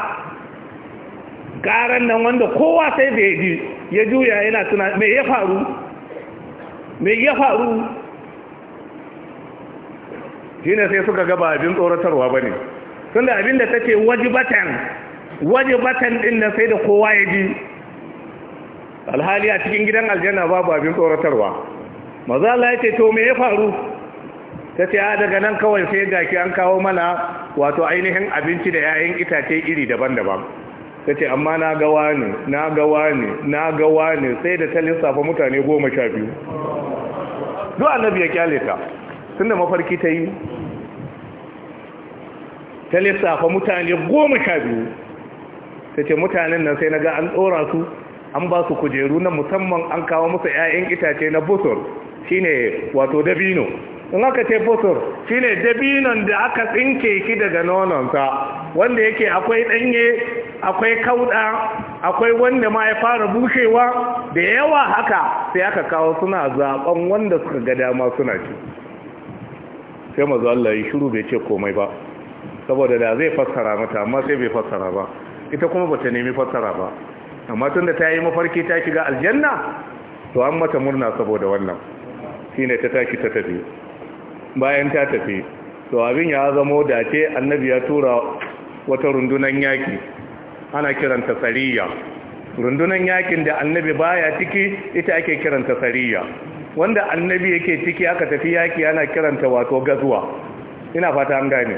ƙaran nan wanda kowa sai da ya ji ya juya yana tuna me ya faru me ya faru shine sai suka ga ba abin tsoratarwa bane tunda abin da take wajibatan wajibatan din nan sai da kowa ya ji alhali a cikin gidan aljanna babu abin tsoratarwa maza Allah ya ce to me ya faru ta ce a daga nan kawai sai ga ki an kawo mana wato ainihin abinci da 'ya'yan itace iri daban-daban ta ce amma na gawa ne na gawa ne na gawa ne sai da ta lissafa mutane goma sha biyu duk annabi ya kyale ta tunda mafarki ta yi ta lissafa mutane goma sha biyu ta ce mutanen nan sai na ga an tsora su an ba su kujeru na musamman an kawo masa 'ya'yan itace na busur shine wato dabino in aka ce busur shine dabinon da aka tsinke ki daga nononsa wanda yake akwai danye akwai kauda akwai wanda ma ya fara bushewa da yawa haka sai aka kawo suna zaben wanda suka ga dama suna ci sai mazu Allah ya shiru bai ce komai ba saboda da zai fassara mata amma sai bai fassara ba ita kuma bata nemi fassara ba amma tun da ta yi mafarki ta shiga aljanna to an mata murna saboda wannan shine ta tashi ta tafi bayan ta tafi to abin ya zamo dace annabi ya tura wata rundunan yaki ana kiranta sariya rundunan yakin da annabi baya ciki ita ake kiranta sariya wanda annabi yake ciki aka tafi yaki ana kiranta wato gazuwa ina fata an gane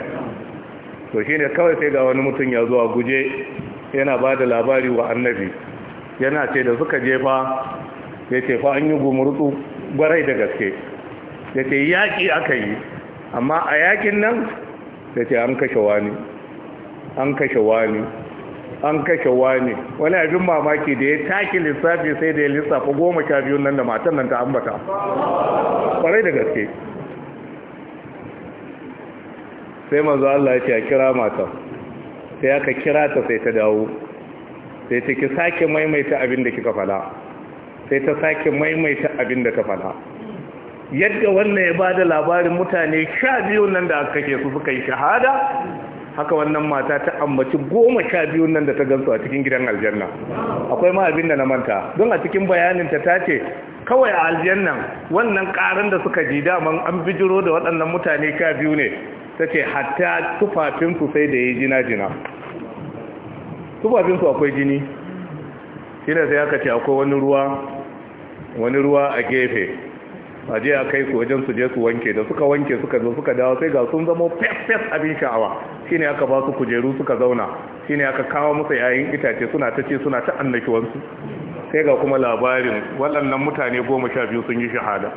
to shine kawai sai ga wani mutum ya zuwa guje yana ba da labari wa annabi yana ce da suka jefa ya ce fa an yi gumurtu gwarai da gaske ya ce yaki aka yi amma a yakin nan ya ce an kashe wani an kashe wani an kashe wani wani abin mamaki da ya taki lissafi sai da ya lissafa goma sha biyun nan da matan nan ta ambata kwarai da gaske sai manzo Allah ya ce a kira matan sai aka kira ta sai ta dawo sai ta ki sake maimaita abin da kika fala sai ta sake maimaita abin da ta fala yadda wannan ya ba da labarin mutane sha biyun nan da aka kashe su suka yi shahada haka wannan mata ta ambaci goma sha biyun nan da ta gansu a cikin gidan aljanna akwai ma abin da na manta don a cikin bayanin ta tace kawai a aljanna wannan karin da suka ji Dama an bijiro da waɗannan mutane sha biyu ne ta ce hatta tufafinsu sai da ya jina jina tufafinsu akwai jini shi ne sai aka ce akwai wani ruwa a gefe a je a kai su wajen su je su wanke da suka wanke suka zo suka dawo sai ga sun zama fes-fes abin sha'awa shine aka ba su kujeru suka zauna shine aka kawo musu yayin itace suna ta ce suna ta annakiwansu sai ga kuma labarin waɗannan mutane goma sha biyu sun yi shahada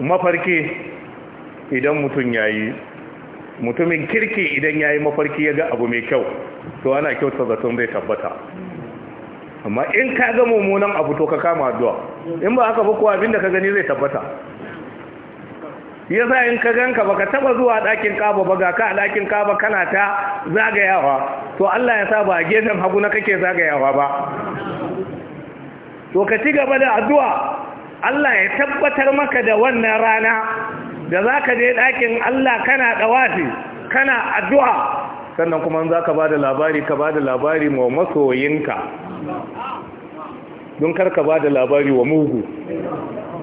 mafarki idan mutum ya yi mutumin kirki idan ya yi mafarki ya ga abu mai kyau to ana kyauta zaton zai tabbata amma in ka ga mummunan abu to ka kama addu'a in ba haka ba ko abin ka gani zai tabbata ya sa in ka ganka ka taba zuwa ɗakin kaba ba ga ka a ɗakin kaba kana ta zagayawa to Allah ya sa ba a gefen hagu na kake zagayawa ba to ka ci gaba da addu'a Allah ya tabbatar maka da wannan rana da za ka je ɗakin Allah kana ɗawafi kana addu'a sannan kuma za ka ba da labari ka ba da labari ma masoyinka don kar ka ba da labari wa mugu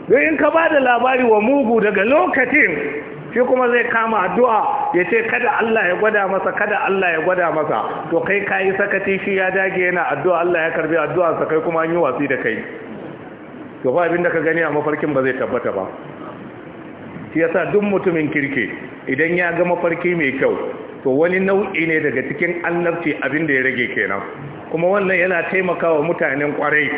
don in ka ba da labari wa mugu daga lokacin shi kuma zai kama addu'a ya ce kada Allah ya gwada masa kada Allah ya gwada masa to kai ka yi sakaci shi ya dage yana addu'a Allah ya karbi sa kai kuma an yi wasi da kai to ba abin da ka gani a mafarkin ba zai tabbata ba shi yasa duk mutumin kirke idan ya ga mafarki mai kyau to wani nau'i ne daga cikin annabci abin da ya rage kenan kuma wannan yana taimakawa mutanen kwarai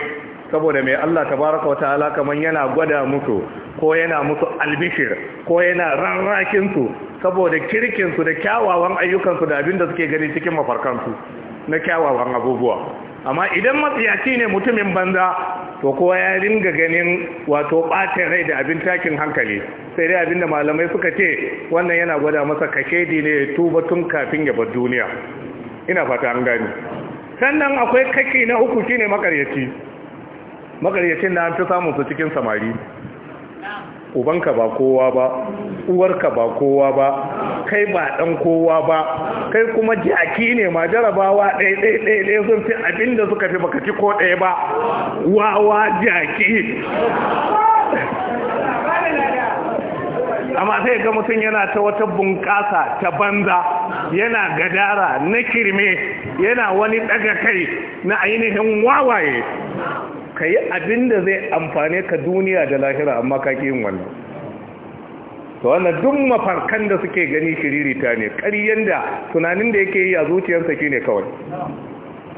saboda mai Allah tabaraka wa ta'ala kaman yana gwada musu ko yana musu albishir ko yana rarrakin su saboda kirkin su da kyawawan ayyukan su da abin da suke gani cikin mafarkan na kyawawan abubuwa amma idan matsiyaci ne mutumin banza to kowa ya ringa ganin wato ɓacin rai da abin takin hankali sai dai abin da malamai suka ce wannan yana gwada masa kashedi ne ya tuba tun kafin ya bar duniya ina fata an gani sannan akwai kake na uku shine makaryaci makaryacin na an fi samun su cikin samari ubanka ba kowa ba uwarka ba kowa ba kai ba dan kowa ba kai kuma jaki ne ma jarabawa ɗaiɗaiɗaiɗai sun fi abinda suka fi baka ci ko ɗaya ba wawa jaki amma sai ga mutum yana ta wata bunƙasa ta banza yana gadara na kirme yana wani ɗaga kai na ainihin wawaye ka yi abin da zai amfane ka duniya da lahira amma ka ƙi yin wannan to wannan duk mafarkan da suke gani shiririta ne ƙaryen da tunanin da yake yi a zuciyarsa shi ne kawai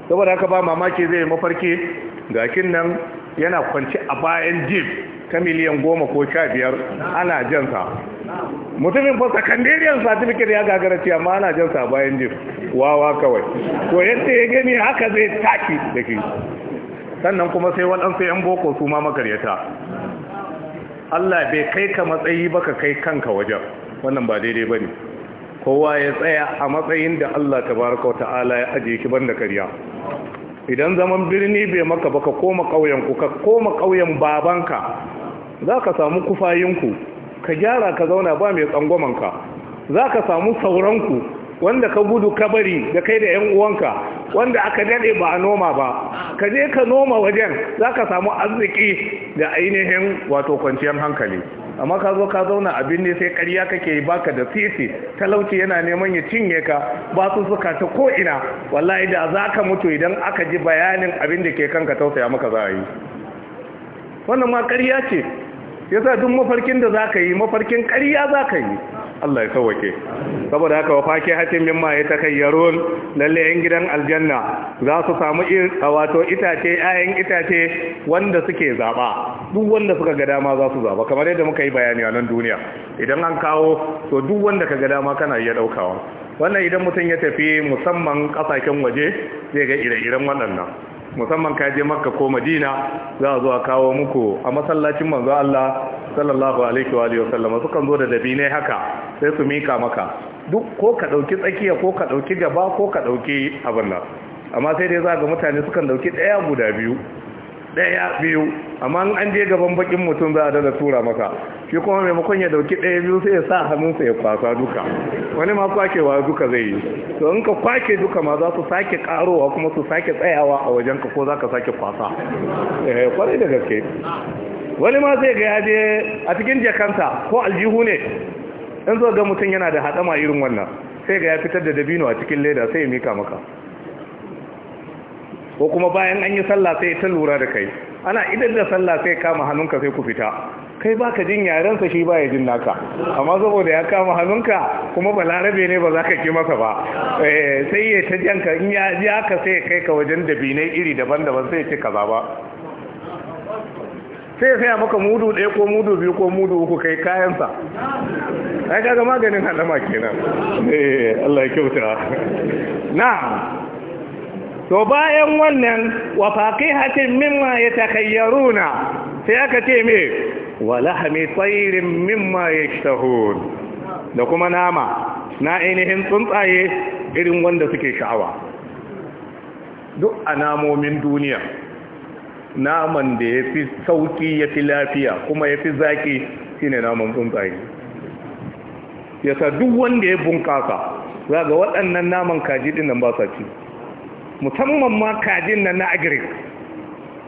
saboda haka ba mamaki zai mafarki kin nan yana kwanci a bayan jib ta miliyan goma ko sha biyar ana jansa mutumin fa sakandariyar certificate ya gagara ce amma ana jansa bayan jib wawa kawai Ko yadda ya gani haka zai taki da ke sannan kuma sai waɗansu 'yan boko su ma makaryata Allah bai kai ka matsayi ba ka kai kanka wajen wannan ba daidai ba ne kowa ya tsaya a matsayin da Allah ta baraka ta'ala ya ajiye ki banda karya idan zaman birni bai maka ba ka koma ƙauyen ku ka koma ƙauyen babanka za ka samu kufayinku ka gyara ka zauna ba mai tsangwamanka za ka samu sauranku wanda ka gudu kabari da kai da 'yan uwanka wanda aka daɗe ba a noma ba ka je ka noma wajen za ka samu arziki da ainihin wato kwanciyar hankali amma ka zo ka zauna abin ne sai karya kake yi baka da sisi talauci yana neman ya cinye ka ba su suka ta ko'ina wallahi da za ka mutu idan aka ji bayanin abin da ke kanka tausaya maka za a yi wannan ma karya ce yasa duk mafarkin da za ka yi mafarkin karya za ka yi Allah ya sauwake saboda haka wa fake hatin ma ya takayyarun lalle yan gidan aljanna za su samu wato itace ayan itace wanda suke zaba duk wanda suka ga dama za su zaba kamar yadda muka yi bayani a nan duniya idan an kawo to duk wanda ka ga dama kana iya daukawa wannan idan mutum ya tafi musamman kasashen waje zai ga ire-iren waɗannan musamman ka je makka ko madina za a zo a kawo muku a masallacin manzo Allah sallallahu alaihi wa alihi wasallam sukan zo da dabine haka sai su mika maka duk ko ka dauki tsakiya ko ka dauki gaba ko ka dauki abin nan amma sai dai za ga mutane sukan dauki daya guda biyu ɗaya biyu amma an je gaban bakin mutum za a dala tura maka shi kuma maimakon ya dauki ɗaya biyu sai ya sa hannunsa ya kwasa duka wani ma kwakewa duka zai yi to in ka kwake duka ma za su sake karowa kuma su sake tsayawa a wajen ka ko za ka sake kwasa eh kwarai da gaske wani ma sai ga ya je a cikin jakanta ko aljihu ne in zo ga mutum yana da haɗama irin wannan sai ga ya fitar da dabino a cikin leda sai ya mika maka ko kuma bayan an yi sallah sai ta lura da kai ana idan da sallah sai kama hannunka sai ku fita kai baka jin yarensa shi baya jin naka amma saboda ya kama hannunka kuma balarabe ne ba za ka ki masa ba eh, sai ya ta janka in ya ji haka sai ya kai ka wajen dabinai iri daban-daban sai ya ci kaza ba sai ya saya maka mudu ɗaya ko mudu biyu ko mudu uku kai kayansa ai kaga maganin halama kenan eh Allah ya kyauta na'am to bayan wannan wa faqihatin mimma yatakhayyaruna sai aka ce me wa lahmi tayrin mimma yashtahun da kuma nama na ainihin tsuntsaye irin wanda suke sha'awa duk a namomin duniya naman da ya fi sauki ya fi lafiya kuma ya fi zaki shine naman tsuntsaye yasa duk wanda ya bunkasa za ga waɗannan naman kaji ɗin nan ba sa ci musamman ma kajin nan na agri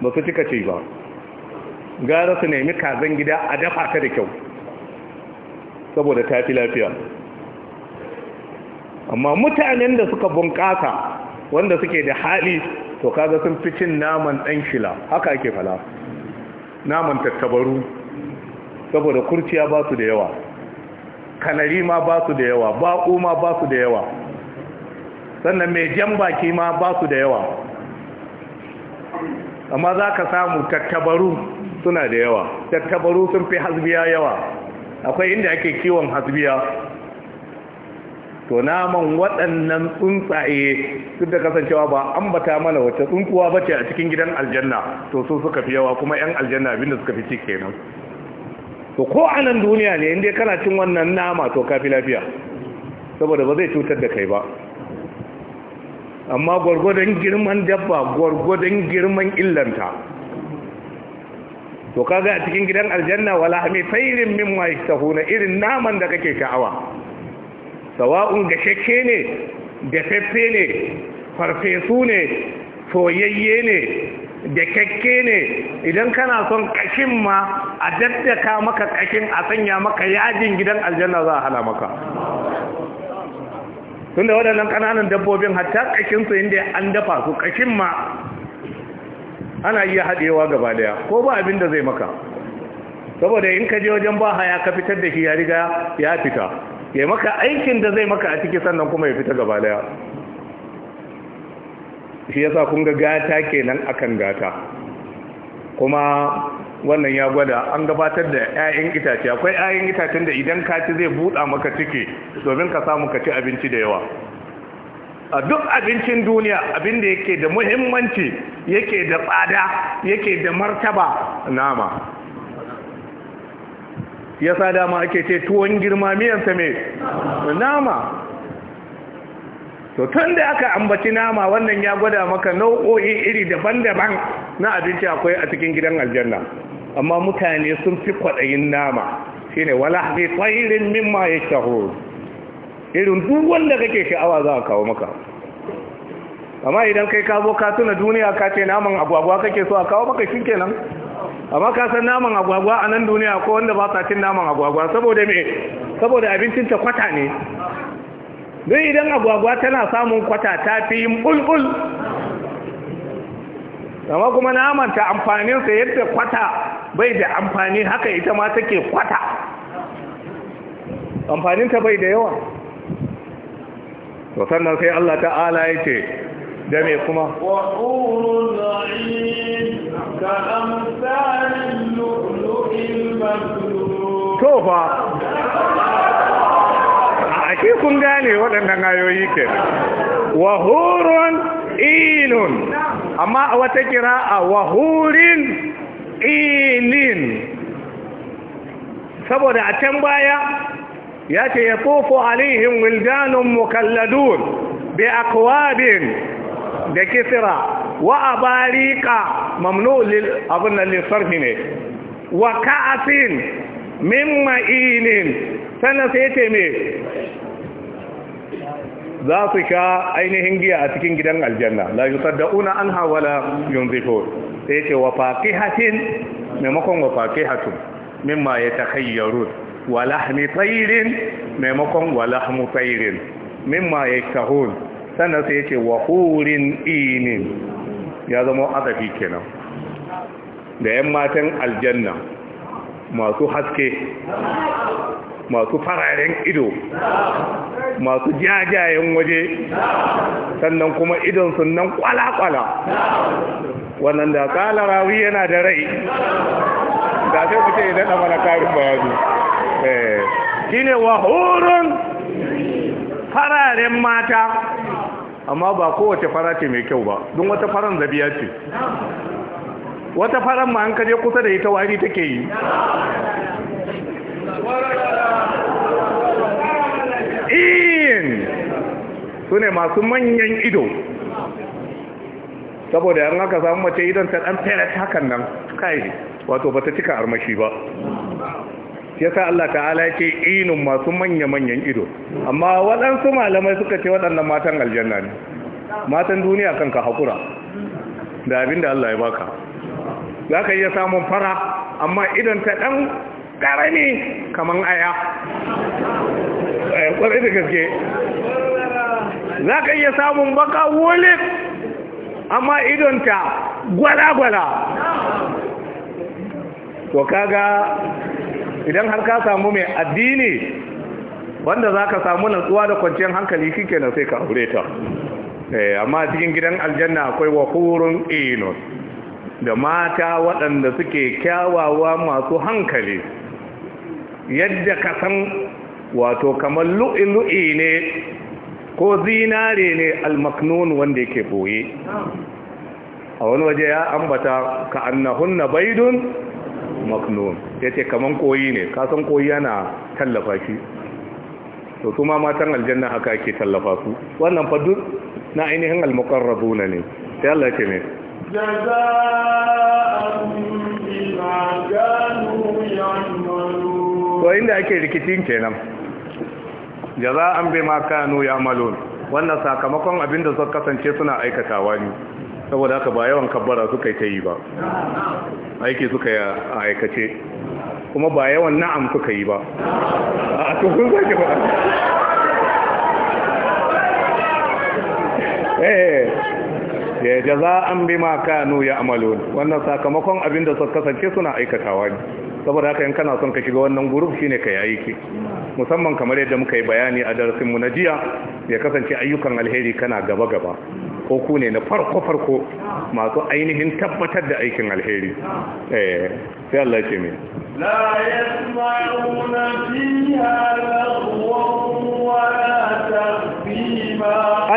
ba su cika ce ba gara su nemi kazan gida a dafa ta da kyau saboda ta fi lafiya amma mutanen da suka bunƙasa wanda suke da hali to kaga sun fi cin naman ɗan shila haka ake fala naman tattabaru saboda kurciya ba su da yawa kanari ma ba su da yawa baƙo ma ba su da yawa sannan mai jan baki ma ba su da yawa amma za ka samu tattabaru suna da yawa tattabaru sun fi hasbiya yawa akwai inda ake kiwon hasbiya to naman waɗannan tsuntsaye duk da kasancewa ba ambata mana wata tsuntsuwa ba ce a cikin gidan aljanna to su suka fi yawa kuma 'yan aljanna abinda suka fi ci kenan to ko a nan duniya ne inda kana cin wannan nama to ka fi lafiya saboda ba zai cutar da kai ba amma gwargwadon girman dabba gwargwadon girman illanta to kaga a cikin gidan aljanna wala mai fairin min ma yastahuna irin naman da kake sha'awa sawa'un shakke ne dafaffe ne farfesu ne soyayye ne da kakke ne idan kana son kashin ma a daddaka maka kashin a sanya maka yajin gidan aljanna za a hala maka tun da waɗannan ƙananan dabbobin hatta ƙashinsu inda an dafa su ƙashin ma ana iya haɗewa gaba daya ko ba abin da zai maka saboda in ka je wajen ba haya ka fitar da shi ya riga ya fita ya maka aikin da zai maka a ciki sannan kuma ya fita gaba daya shi yasa kun ga gata kenan akan gata kuma wannan ya gwada an gabatar da 'ya'yan itace akwai 'ya'yan itacen da idan kaci zai buɗa maka ciki domin ka samu ka ci abinci da yawa a duk abincin duniya abin da yake da muhimmanci yake da tsada yake da martaba nama ya sa dama ake ce tuwon girma miyansa mai nama to tun da aka ambaci nama wannan ya gwada maka nau'o'i iri daban-daban na abinci akwai a cikin gidan aljanna amma mutane sun fi kwaɗayin nama shine wala bi tsairin mimma yashtahu irin duk wanda kake sha'awa za a kawo maka amma idan kai ka zo ka tuna duniya ka ce naman agwagwa kake so a kawo maka shi kenan amma ka san naman agwagwa a nan duniya ko wanda ba sa cin naman agwagwa saboda me saboda abincin ta kwata ne don idan agwagwa tana samun kwata ta fi yin bulbul amma kuma na amanta amfaninsa yadda kwata bai da amfani haka ita ma take kwata amfaninta bai da yawa to sannan sai Allah ta'ala ya ce da me kuma to fa ashe kun gane waɗannan ayoyi ke wahurun ilun amma a wata kira a wahurin ilin saboda a can baya ya ce ya tofo alihim wildanun mukalladun bi akwabin da kisira wa abarika mamnu abin da lissarfi ne wa ka'asin min ma'inin sannan sai ce me za su sha ainihin giya a cikin gidan aljanna la hawa anha yun yunzifun sai ce wa hatin maimakon wa faqihatun mimma yatakhayyarun wa lahmi tsayirin maimakon wa lahmu tayrin mimma hun sannan sai ce wa hurin inin ya zama azafi kenan da yan matan aljanna masu haske masu fararen ido masu jajayen waje sannan kuma idon sunan kwala-kwala wannan da kala rawi yana da rai da sai kuce idan da mana karin bayani eh, shine wahurun fararen mata amma ba kowace fara ce mai kyau ba don wata faran zabiya ce wata faran ma an kaje kusa da ita wari take yi in su ne masu manyan ido saboda yan aka samu mace idon ta dan fere hakan nan kai wato bata cika armashi ba yasa Allah ta'ala yake inun masu manya-manyan ido amma waɗansu malamai suka ce waɗannan matan aljanna ne matan duniya kanka hakura da abin da Allah ya baka za ka iya samun fara amma idan ta ɗan ƙarami kaman aya ƙwarai eh, da gaske za ka iya samun baka wulif amma idonta gwala-gwala to kaga idan har ka samu mai addini wanda za ka samu natsuwa da kwanciyar hankali kike na sai ka aure ta eh, amma cikin gidan aljanna akwai wakurun inon da mata waɗanda suke kyawawa masu hankali yadda ka san wato kamar lu'i-lu'i ne ko zinare ne almaknun wanda yake boye a wani waje ya ambata ka annahunna baidun maknon. ya ce kaman koyi ne kasan koyi yana tallafa shi to su ma matan aljanna haka ake tallafa su wannan fadu na ainihin almuqarrabuna ne sai Allah ce ne jaza'an bima kanu ya'malun to inda ake rikicin kenan jaza'an ma kanu ya'malun wannan sakamakon abin da suka kasance suna aikatawa ne saboda haka ba yawan kabbara suka yi ta yi ba aiki suka yi a aikace kuma ba yawan na'am suka yi ba a tukun zaki ba eh, eh an bi ma kanu ya ya'malun wannan sakamakon abin da suka kasance suna aikatawa ne saboda haka in kana son ka shiga wannan group shine ka yayi ki musamman kamar yadda muka yi bayani a darasinmu na jiya ya kasance ayyukan alheri kana gaba gaba ko ku ne na farko farko masu ainihin tabbatar da aikin alheri eh sai Allah ya ce mai a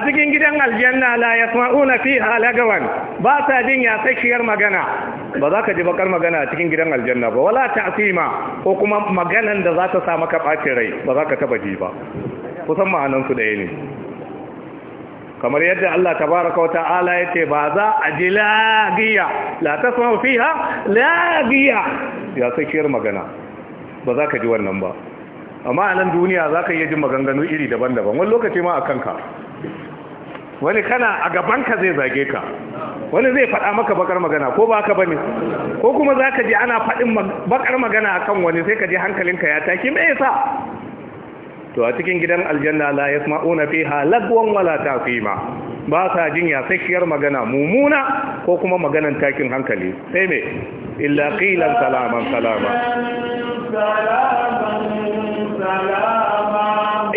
cikin gidan aljanna la sma'una fi halagawan ba ta jin yasakiyar magana ba za ka ji bakar magana a cikin gidan aljanna ba wala ta'sima ko kuma maganan da za ta sa maka bacin rai ba za ka taba ji ba kusan ma'anansu ɗaya ne kamar yadda Allah tabaraka wa ta'ala yace ba za a ji lagiya la tasma'u fiha lagiya ya sai kiyar magana ba za ka ji wannan ba amma a nan duniya za ka iya jin maganganu iri daban-daban wani lokaci ma a kanka wani kana a gabanka zai zage ka wani zai faɗa maka bakar magana ko ba ka bane ko kuma za ka ji ana faɗin bakar magana a kan wani sai ka ji hankalinka ya taki me yasa to a cikin gidan aljanna la yasma'una fiha lagwan wala tafima ba sa jinya sakiyar magana mumuna ko kuma maganan takin hankali sai me illa qilan salaman salama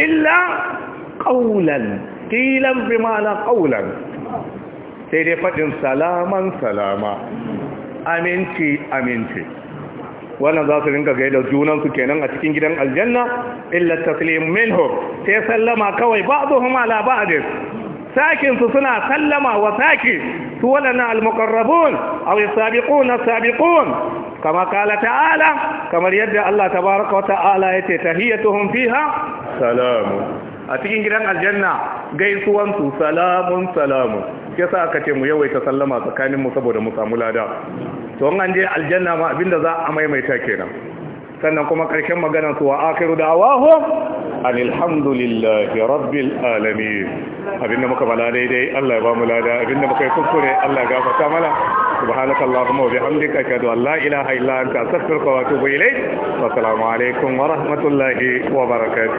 illa qawlan qilan bi ma'ana qawlan sai dai fadin salaman salama aminci aminci wannan za su rinka gaida junan kenan a cikin gidan aljanna illa taslim minhu sai sallama kawai ba'dhum ala ba'd sakin su suna sallama wa saki su wadannan almuqarrabun aw yasabiqun asabiqun kama kala ta'ala kamar yadda Allah tabaraka wa ta'ala yace tahiyyatuhum fiha salamu a cikin gidan aljanna gaisuwansu salamun salamun yasa aka ce mu yawaita sallama tsakaninmu saboda mu samu lada to an je aljanna ma abinda za a maimaita kenan sannan kuma karshen maganar su wa akhiru da'awahum alhamdulillahi rabbil alami abinda muka bala daidai Allah ya ba mu lada abinda muka yi kuskure Allah ya gafarta mana subhanakallahumma wa bihamdika ashhadu an la ilaha illa anta astaghfiruka wa atubu ilayk wa assalamu alaikum wa rahmatullahi wa barakatuh